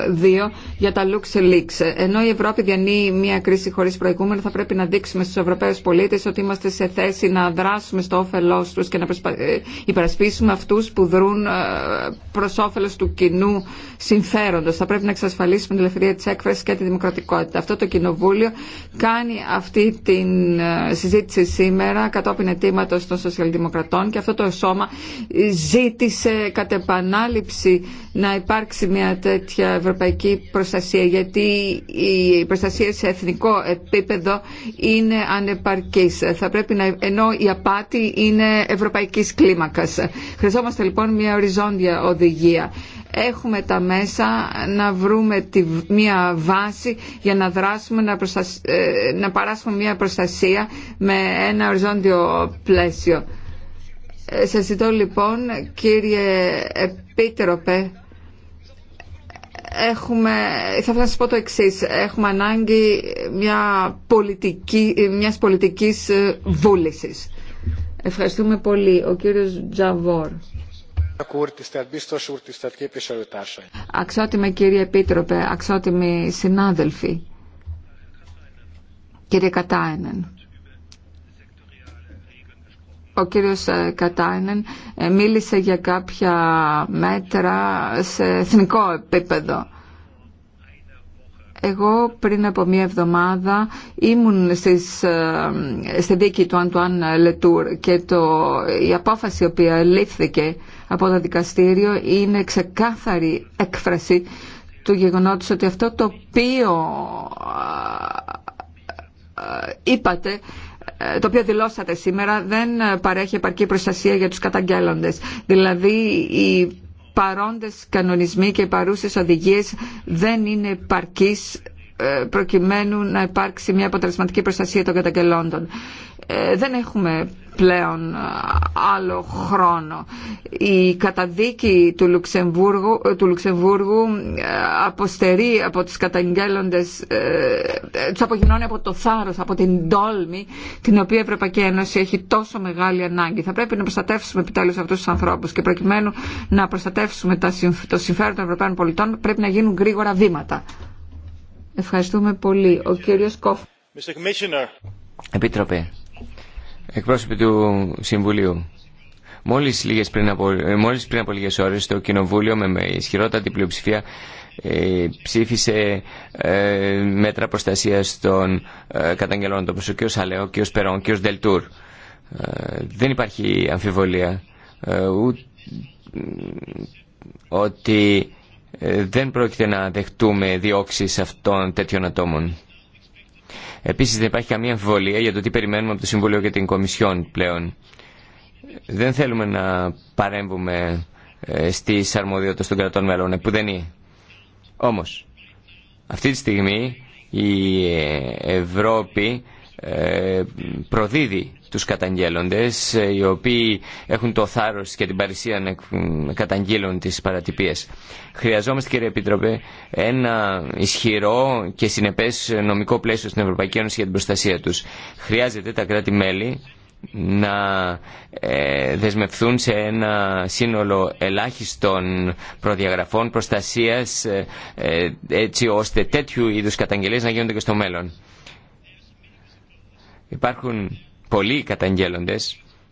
για τα LuxLeaks. Ενώ η Ευρώπη διανύει μια κρίση χωρίς προηγούμενο, θα πρέπει να δείξουμε στους Ευρωπαίους πολίτες ότι είμαστε σε θέση να δράσουμε στο όφελός τους και να προσπα... Ε, υπερασπίσουμε αυτούς που δρούν προς όφελος του κοινού συμφέροντος. Θα πρέπει να εξασφαλίσουμε την ελευθερία της έκφρασης και τη δημοκρατικότητα. Αυτό το Κοινοβούλιο κάνει αυτή την συζήτηση σήμερα κατόπιν των σοσιαλδημοκρατών και αυτό το σώμα ζήτησε κατ' επανάληψη να υπάρξει μια τέτοια ευρωπαϊκή προστασία γιατί η προστασία σε εθνικό επίπεδο είναι ανεπαρκής. Θα πρέπει να, ενώ η απάτη είναι ευρωπαϊκής κλίμακας. Χρειαζόμαστε λοιπόν μια οριζόντια οδηγία έχουμε τα μέσα να βρούμε τη, μια βάση για να δράσουμε, να, προστασ... Ε, να παράσουμε μια προστασία με ένα οριζόντιο πλαίσιο. Ε, σας ζητώ λοιπόν κύριε Επίτροπε έχουμε, θα ήθελα να σας πω το εξής έχουμε ανάγκη μια πολιτική, μιας πολιτικής ε, βούλησης Ευχαριστούμε πολύ ο κύριος Τζαβόρ Αξιότιμε κύριε Επίτροπε αξιότιμοι συνάδελφοι κύριε Κατάενεν ο κύριος ε, Κατάινεν ε, μίλησε για κάποια μέτρα σε εθνικό επίπεδο. Εγώ πριν από μία εβδομάδα ήμουν στις, ε, στη δίκη του Αντουάν Λετούρ και το, η απόφαση η οποία λήφθηκε από το δικαστήριο είναι ξεκάθαρη έκφραση του γεγονότος ότι αυτό το οποίο είπατε ε, το οποίο δηλώσατε σήμερα δεν παρέχει επαρκή προστασία για τους καταγγέλλοντες. Δηλαδή οι παρόντες κανονισμοί και οι παρούσες οδηγίες δεν είναι επαρκείς ε, προκειμένου να υπάρξει μια αποτελεσματική προστασία των καταγγελόντων. Ε, δεν έχουμε πλέον άλλο χρόνο. Η καταδίκη του Λουξεμβούργου, του ε, αποστερεί από τις καταγγέλλοντες, ε, ε, τους απογεινώνει από το θάρρος, από την τόλμη την οποία η Ευρωπαϊκή Ένωση έχει τόσο μεγάλη ανάγκη. Θα πρέπει να προστατεύσουμε επιτέλους αυτούς τους ανθρώπους και προκειμένου να προστατεύσουμε το συμφέρον των Ευρωπαίων πολιτών πρέπει να γίνουν γρήγορα βήματα. Ευχαριστούμε πολύ. Ο κύριος Κόφ. Επίτροπε, Εκπρόσωποι του Συμβουλίου. Μόλις, λίγες πριν από, ε, μόλις πριν από λίγες ώρες το Κοινοβούλιο με, με ισχυρότατη πλειοψηφία ε, ψήφισε ε, μέτρα προστασίας των ε, καταγγελών όπως ο κ. Σαλέο, κ. Περόν, ο Δελτούρ. δεν υπάρχει αμφιβολία ότι δεν πρόκειται να δεχτούμε διώξεις αυτών τέτοιων ατόμων. Επίσης δεν υπάρχει καμία αμφιβολία για το τι περιμένουμε από το Συμβούλιο και την Κομισιόν πλέον. Δεν θέλουμε να παρέμβουμε ε, στι αρμοδιότητε των κρατών μελών, που δεν είναι. Όμω, αυτή τη στιγμή η ε, Ευρώπη ε, προδίδει τους καταγγέλλοντες ε, οι οποίοι έχουν το θάρρος και την παρουσία να καταγγείλουν τις παρατυπίες. Χρειαζόμαστε κύριε Επίτροπε ένα ισχυρό και συνεπές νομικό πλαίσιο στην Ευρωπαϊκή Ένωση για την προστασία τους. Χρειάζεται τα κράτη-μέλη να ε, δεσμευθούν σε ένα σύνολο ελάχιστων προδιαγραφών προστασίας ε, έτσι ώστε τέτοιου είδους καταγγελίες να γίνονται και στο μέλλον. Υπάρχουν πολλοί καταγγέλλοντε,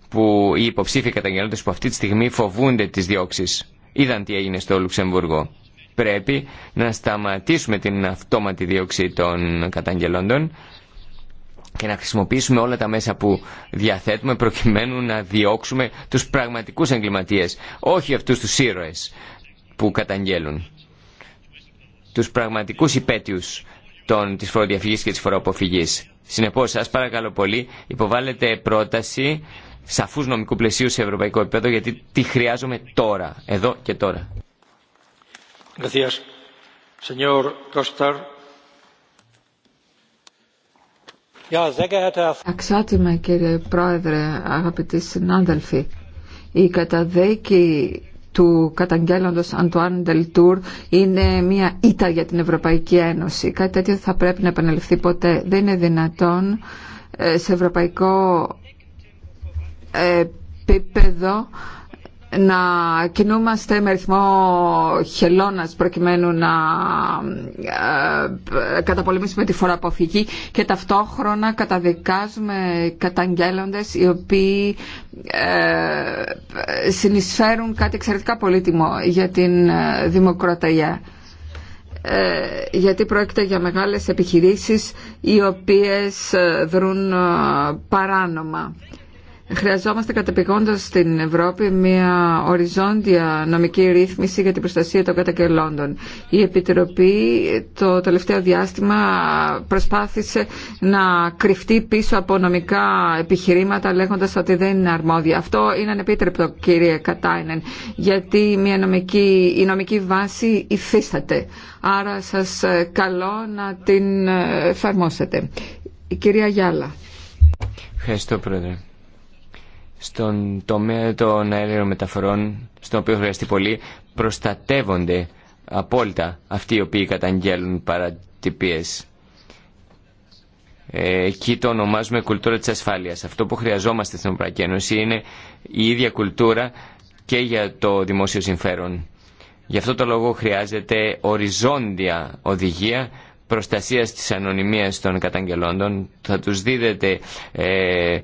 που οι υποψήφοι καταγγέλλοντε που αυτή τη στιγμή φοβούνται τι διώξει. Είδαν τι έγινε στο Λουξεμβούργο. Πρέπει να σταματήσουμε την αυτόματη δίωξη των καταγγελόντων και να χρησιμοποιήσουμε όλα τα μέσα που διαθέτουμε προκειμένου να διώξουμε τους πραγματικούς εγκληματίες, όχι αυτούς τους ήρωες που καταγγέλουν, τους πραγματικούς υπέτειους των, της φοροδιαφυγής και της φοροαποφυγής. Συνεπώς, σας παρακαλώ πολύ, υποβάλλετε πρόταση σαφούς νομικού πλαισίου σε ευρωπαϊκό επίπεδο, γιατί τη χρειάζομαι τώρα, εδώ και τώρα. Αξιότιμα κύριε Πρόεδρε, αγαπητοί συνάδελφοι, η καταδίκη του καταγγέλλοντος Αντουάν Ντελτούρ είναι μια ήττα για την Ευρωπαϊκή Ένωση. Κάτι τέτοιο θα πρέπει να επαναληφθεί ποτέ. Δεν είναι δυνατόν ε, σε ευρωπαϊκό ε, επίπεδο να κινούμαστε με ρυθμό χελώνας προκειμένου να ε, καταπολεμήσουμε τη φορά αποφυγή και ταυτόχρονα καταδικάζουμε καταγγέλλοντες οι οποίοι ε, συνεισφέρουν κάτι εξαιρετικά πολύτιμο για την ε, δημοκρατία γιατί πρόκειται για μεγάλες επιχειρήσεις οι οποίες δρούν παράνομα. Χρειαζόμαστε κατεπηγόντως στην Ευρώπη μια οριζόντια νομική ρύθμιση για την προστασία των κατακελώντων. Η Επιτροπή το τελευταίο διάστημα προσπάθησε να κρυφτεί πίσω από νομικά επιχειρήματα λέγοντας ότι δεν είναι αρμόδια. Αυτό είναι ανεπίτρεπτο κύριε Κατάινεν γιατί μια νομική, η νομική βάση υφίσταται. Άρα σας καλώ να την εφαρμόσετε. Η κυρία Γιάλα. Ευχαριστώ πρόεδρε στον τομέα των αέριων μεταφορών, στον οποίο χρειαστεί πολύ, προστατεύονται απόλυτα αυτοί οι οποίοι καταγγέλουν παρατυπίες. Ε, εκεί το ονομάζουμε κουλτούρα της ασφάλειας. Αυτό που χρειαζόμαστε στην Ευρωπαϊκή Ένωση είναι η ίδια κουλτούρα και για το δημόσιο συμφέρον. Γι' αυτό το λόγο χρειάζεται οριζόντια οδηγία προστασίας της ανωνυμίας των καταγγελόντων, θα τους δίδεται ε,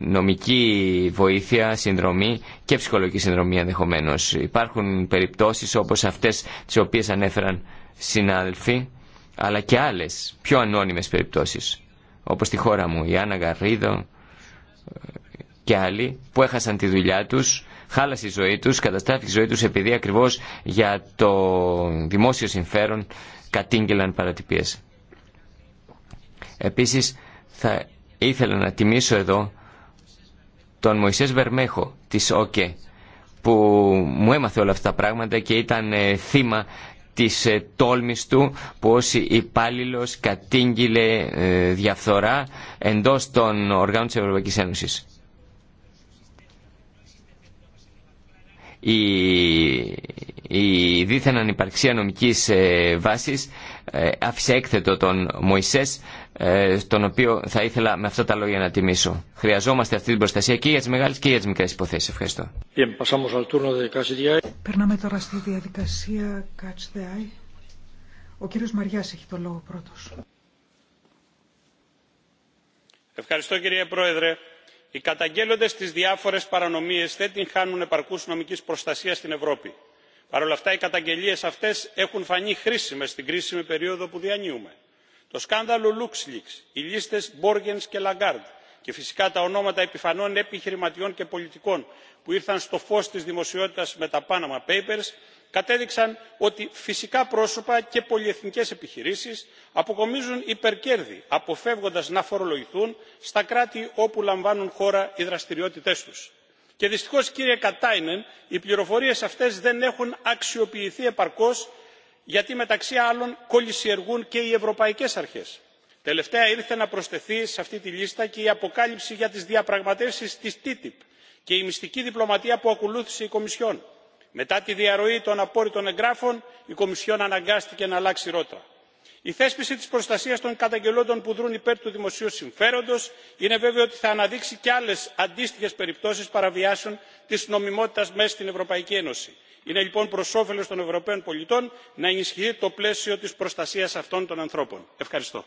νομική βοήθεια, συνδρομή και ψυχολογική συνδρομή ενδεχομένω. Υπάρχουν περιπτώσεις όπως αυτές τις οποίες ανέφεραν συνάδελφοι, αλλά και άλλες πιο ανώνυμες περιπτώσεις, όπως στη χώρα μου, η Άννα Γαρίδο ε, και άλλοι που έχασαν τη δουλειά τους, χάλασε η ζωή τους, καταστράφηκε η ζωή τους επειδή ακριβώς για το δημόσιο συμφέρον κατήγγελαν παρατυπίες. Επίσης θα ήθελα να τιμήσω εδώ τον Μωυσές Βερμέχο της ΟΚΕ που μου έμαθε όλα αυτά τα πράγματα και ήταν ε, θύμα της ε, τόλμης του που ως υπάλληλο κατήγγειλε ε, διαφθορά εντός των οργάνων της Ευρωπαϊκής Ένωσης. η, η δίθεν ανυπαρξία νομικής ε, βάσης ε, άφησε έκθετο τον Μωυσές ε, τον οποίο θα ήθελα με αυτά τα λόγια να τιμήσω. Χρειαζόμαστε αυτή την προστασία και για τις μεγάλες και για τις μικρές υποθέσεις. Ευχαριστώ. Περνάμε τώρα στη διαδικασία Catch the Eye. Ο κύριος Μαριάς έχει το λόγο πρώτος. Ευχαριστώ κύριε Πρόεδρε οι καταγγέλλοντες τις διάφορες παρανομίες δεν την χάνουν επαρκούς νομικής προστασίας στην ευρώπη. παρ' όλα αυτά οι καταγγελίες αυτές έχουν φανεί χρήσιμες στην κρίσιμη περίοδο που διανύουμε. το σκάνδαλο luxleaks οι λίστες borgens και lagarde και φυσικά τα ονόματα επιφανών επιχειρηματιών και πολιτικών που ήρθαν στο φως της δημοσιότητας με τα panama papers κατέδειξαν ότι φυσικά πρόσωπα και πολυεθνικές επιχειρήσεις αποκομίζουν υπερκέρδη αποφεύγοντας να φορολογηθούν στα κράτη όπου λαμβάνουν χώρα οι δραστηριότητές τους. Και δυστυχώς κύριε Κατάινεν οι πληροφορίες αυτές δεν έχουν αξιοποιηθεί επαρκώς γιατί μεταξύ άλλων κολλησιεργούν και οι ευρωπαϊκές αρχές. Τελευταία ήρθε να προσθεθεί σε αυτή τη λίστα και η αποκάλυψη για τις διαπραγματεύσεις της TTIP και η μυστική διπλωματία που ακολούθησε η Κομισιόν μετά τη διαρροή των απόρριτων εγγράφων η κομισιόν αναγκάστηκε να αλλάξει ρότα. η θέσπιση της προστασίας των καταγγελόντων που δρούν υπέρ του δημοσίου συμφέροντος είναι βέβαιο ότι θα αναδείξει και άλλες αντίστοιχες περιπτώσεις παραβιάσεων της νομιμότητας μέσα στην ευρωπαϊκή ένωση. είναι λοιπόν προς όφελος των ευρωπαίων πολιτών να ενισχυθεί το πλαίσιο της προστασίας αυτών των ανθρώπων. ευχαριστώ.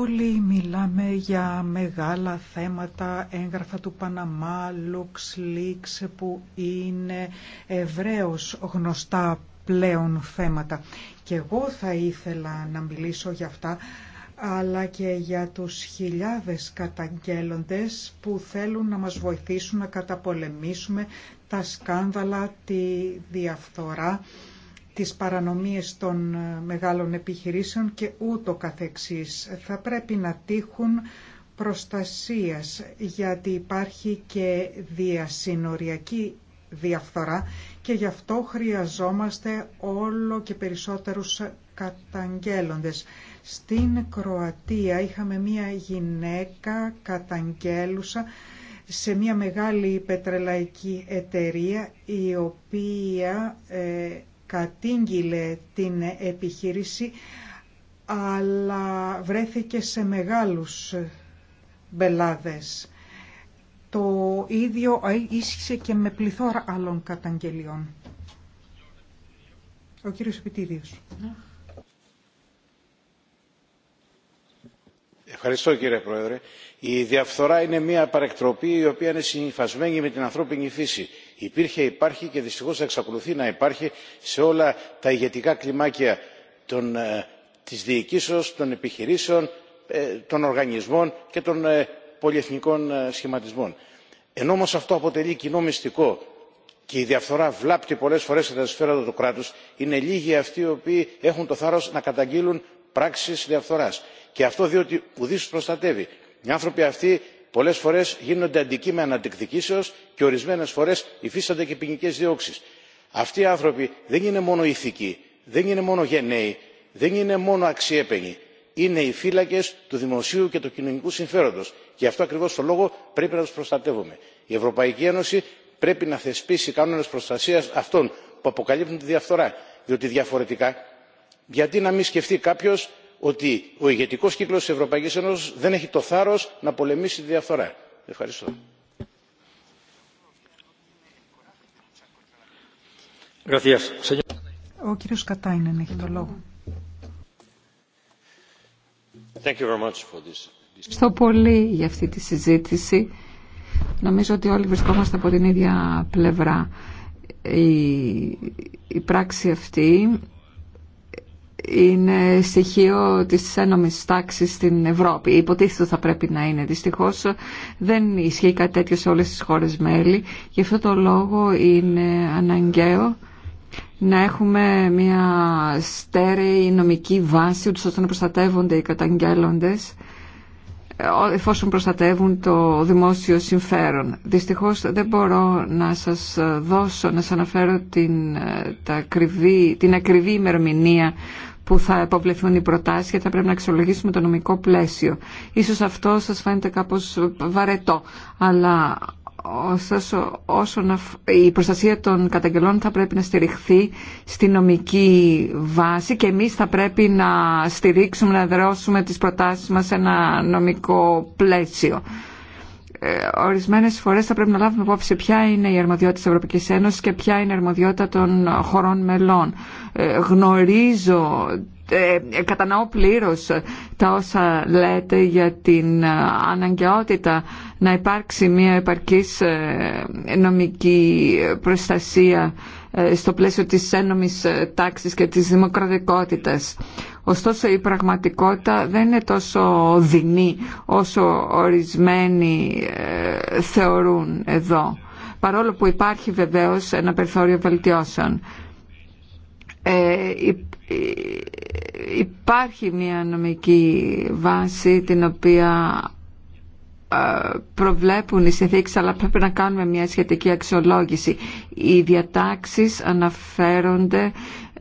Όλοι μιλάμε για μεγάλα θέματα, έγγραφα του Παναμά, Λίξ, που είναι ευρέως γνωστά πλέον θέματα. Και εγώ θα ήθελα να μιλήσω για αυτά, αλλά και για τους χιλιάδες καταγγέλλοντες που θέλουν να μας βοηθήσουν να καταπολεμήσουμε τα σκάνδαλα, τη διαφθορά τις παρανομίες των ε, μεγάλων επιχειρήσεων και ούτω καθεξής. Θα πρέπει να τύχουν προστασίας γιατί υπάρχει και διασυνοριακή διαφθορά και γι' αυτό χρειαζόμαστε όλο και περισσότερους καταγγέλλοντες. Στην Κροατία είχαμε μία γυναίκα καταγγέλουσα σε μία μεγάλη πετρελαϊκή εταιρεία η οποία ε, κατήγγειλε την επιχείρηση αλλά βρέθηκε σε μεγάλους μπελάδες. Το ίδιο ίσχυσε και με πληθώρα άλλων καταγγελιών. Ο κύριος Επιτίδιος. Ευχαριστώ κύριε Πρόεδρε. Η διαφθορά είναι μια παρεκτροπή η οποία είναι συμφασμένη με την ανθρώπινη φύση υπήρχε υπάρχει και δυστυχώς θα εξακολουθεί να υπάρχει σε όλα τα ηγετικά κλιμάκια των, ε, της διοικήσεως των επιχειρήσεων ε, των οργανισμών και των ε, πολυεθνικών σχηματισμών. ενώ όμως αυτό αποτελεί κοινό μυστικό και η διαφθορά βλάπτει πολλές φορές τα σφαίρα του κράτους είναι λίγοι αυτοί οι οποίοι έχουν το θάρρος να καταγγείλουν πράξεις διαφθοράς και αυτό διότι ουδής προστατεύει. οι άνθρωποι αυτοί πολλές φορές γίνονται αντικείμενα διεκδικήσεως και ορισμένες φορές υφίστανται και ποινικέ διώξεις. αυτοί οι άνθρωποι δεν είναι μόνο ηθικοί δεν είναι μόνο γενναίοι δεν είναι μόνο αξιέπαινοι είναι οι φύλακες του δημοσίου και του κοινωνικού συμφέροντος και αυτό ακριβώς το λόγο πρέπει να τους προστατεύουμε. η ευρωπαϊκή ένωση πρέπει να θεσπίσει κανόνες προστασίας αυτών που αποκαλύπτουν τη διαφθορά διότι διαφορετικά γιατί να μην σκεφτεί κάποιο, ότι ο ηγετικό κύκλο τη Ευρωπαϊκή Ένωση δεν έχει το θάρρο να πολεμήσει τη διαφθορά. Ευχαριστώ. Ο κύριος Κατάινεν έχει το λόγο. Ευχαριστώ πολύ για αυτή τη συζήτηση. Νομίζω ότι όλοι βρισκόμαστε από την ίδια πλευρά. Η, η πράξη αυτή είναι στοιχείο της ένομης τάξης στην Ευρώπη. Υποτίθεται θα πρέπει να είναι. Δυστυχώς δεν ισχύει κάτι τέτοιο σε όλες τις χώρες μέλη. Γι' αυτό το λόγο είναι αναγκαίο να έχουμε μια στέρεη νομική βάση ούτως ώστε να προστατεύονται οι καταγγέλλοντες εφόσον προστατεύουν το δημόσιο συμφέρον. Δυστυχώς δεν μπορώ να σας δώσω, να σας αναφέρω την, ε, ακριβή, την ακριβή ημερομηνία που θα υποβληθούν οι προτάσεις και θα πρέπει να αξιολογήσουμε το νομικό πλαίσιο. Ίσως αυτό σας φαίνεται κάπως βαρετό, αλλά ωστόσο όσον η προστασία των καταγγελών θα πρέπει να στηριχθεί στη νομική βάση και εμείς θα πρέπει να στηρίξουμε, να δρώσουμε τις προτάσεις μας σε ένα νομικό πλαίσιο. Ε, ορισμένες φορές θα πρέπει να λάβουμε υπόψη ποια είναι η αρμοδιότητα τη Ευρωπαϊκή Ένωση και ποια είναι η αρμοδιότητα των χωρών μελών. Ε, γνωρίζω ε, ε κατανοώ τα όσα λέτε για την αναγκαιότητα να υπάρξει μια επαρκή νομική προστασία στο πλαίσιο της ένομης τάξης και της δημοκρατικότητας. Ωστόσο η πραγματικότητα δεν είναι τόσο δεινή όσο ορισμένοι ε, θεωρούν εδώ. Παρόλο που υπάρχει βεβαίως ένα περιθώριο βελτιώσεων. Ε, υπάρχει μια νομική βάση την οποία ε, προβλέπουν οι συνθήκες αλλά πρέπει να κάνουμε μια σχετική αξιολόγηση. Οι διατάξεις αναφέρονται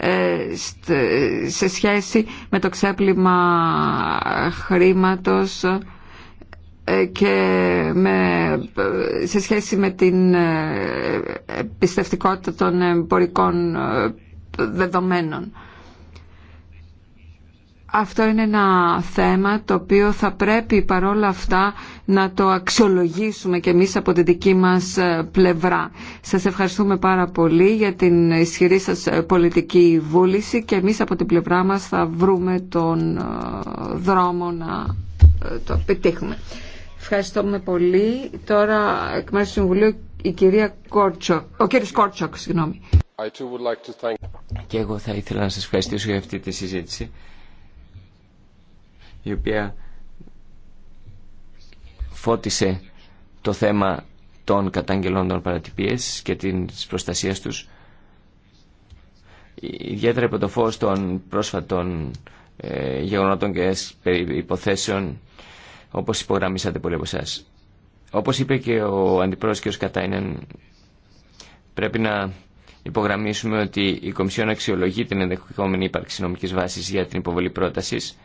ε, σε σχέση με το ξέπλυμα χρήματος ε, και με, σε σχέση με την ε, πιστευτικότητα των εμπορικών δεδομένων αυτό είναι ένα θέμα το οποίο θα πρέπει παρόλα αυτά να το αξιολογήσουμε και εμείς από την δική μας ε, πλευρά. Σας ευχαριστούμε πάρα πολύ για την ισχυρή σας ε, πολιτική βούληση και εμείς από την πλευρά μας θα βρούμε τον ε, δρόμο να το πετύχουμε. Ευχαριστούμε πολύ. Τώρα εκ μέρους του Συμβουλίου η κυρία Κορτσόκ, ο κύριος Κόρτσοκ, συγγνώμη. Και εγώ θα ήθελα να σας ευχαριστήσω για αυτή τη συζήτηση η οποία φώτισε το θέμα των καταγγελών των παρατυπίες και την προστασίας τους ιδιαίτερα υπό το φως των πρόσφατων ε, γεγονότων και υποθέσεων όπως υπογραμμίσατε πολλοί από εσάς. Όπως είπε και ο αντιπρόσκειος Κατάινεν πρέπει να υπογραμμίσουμε ότι η Κομισιόν αξιολογεί την ενδεχομένη ύπαρξη νομικής βάσης για την υποβολή πρότασης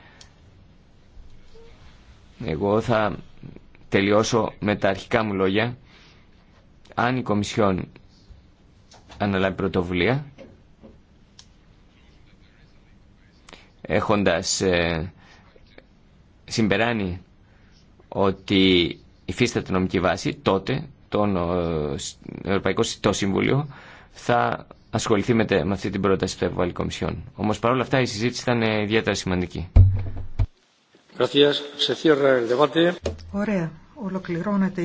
εγώ θα τελειώσω με τα αρχικά μου λόγια. Αν η Κομισιόν αναλάβει πρωτοβουλία, έχοντας ε, συμπεράνει ότι υφίσταται νομική βάση, τότε τον, ε, Ευρωπαϊκό, το Συμβούλιο θα ασχοληθεί με, με αυτή την πρόταση που θα υποβάλει η Κομισιόν. Όμως, παρόλα αυτά η συζήτηση ήταν ε, ιδιαίτερα σημαντική. Ωραία. Ολοκληρώνεται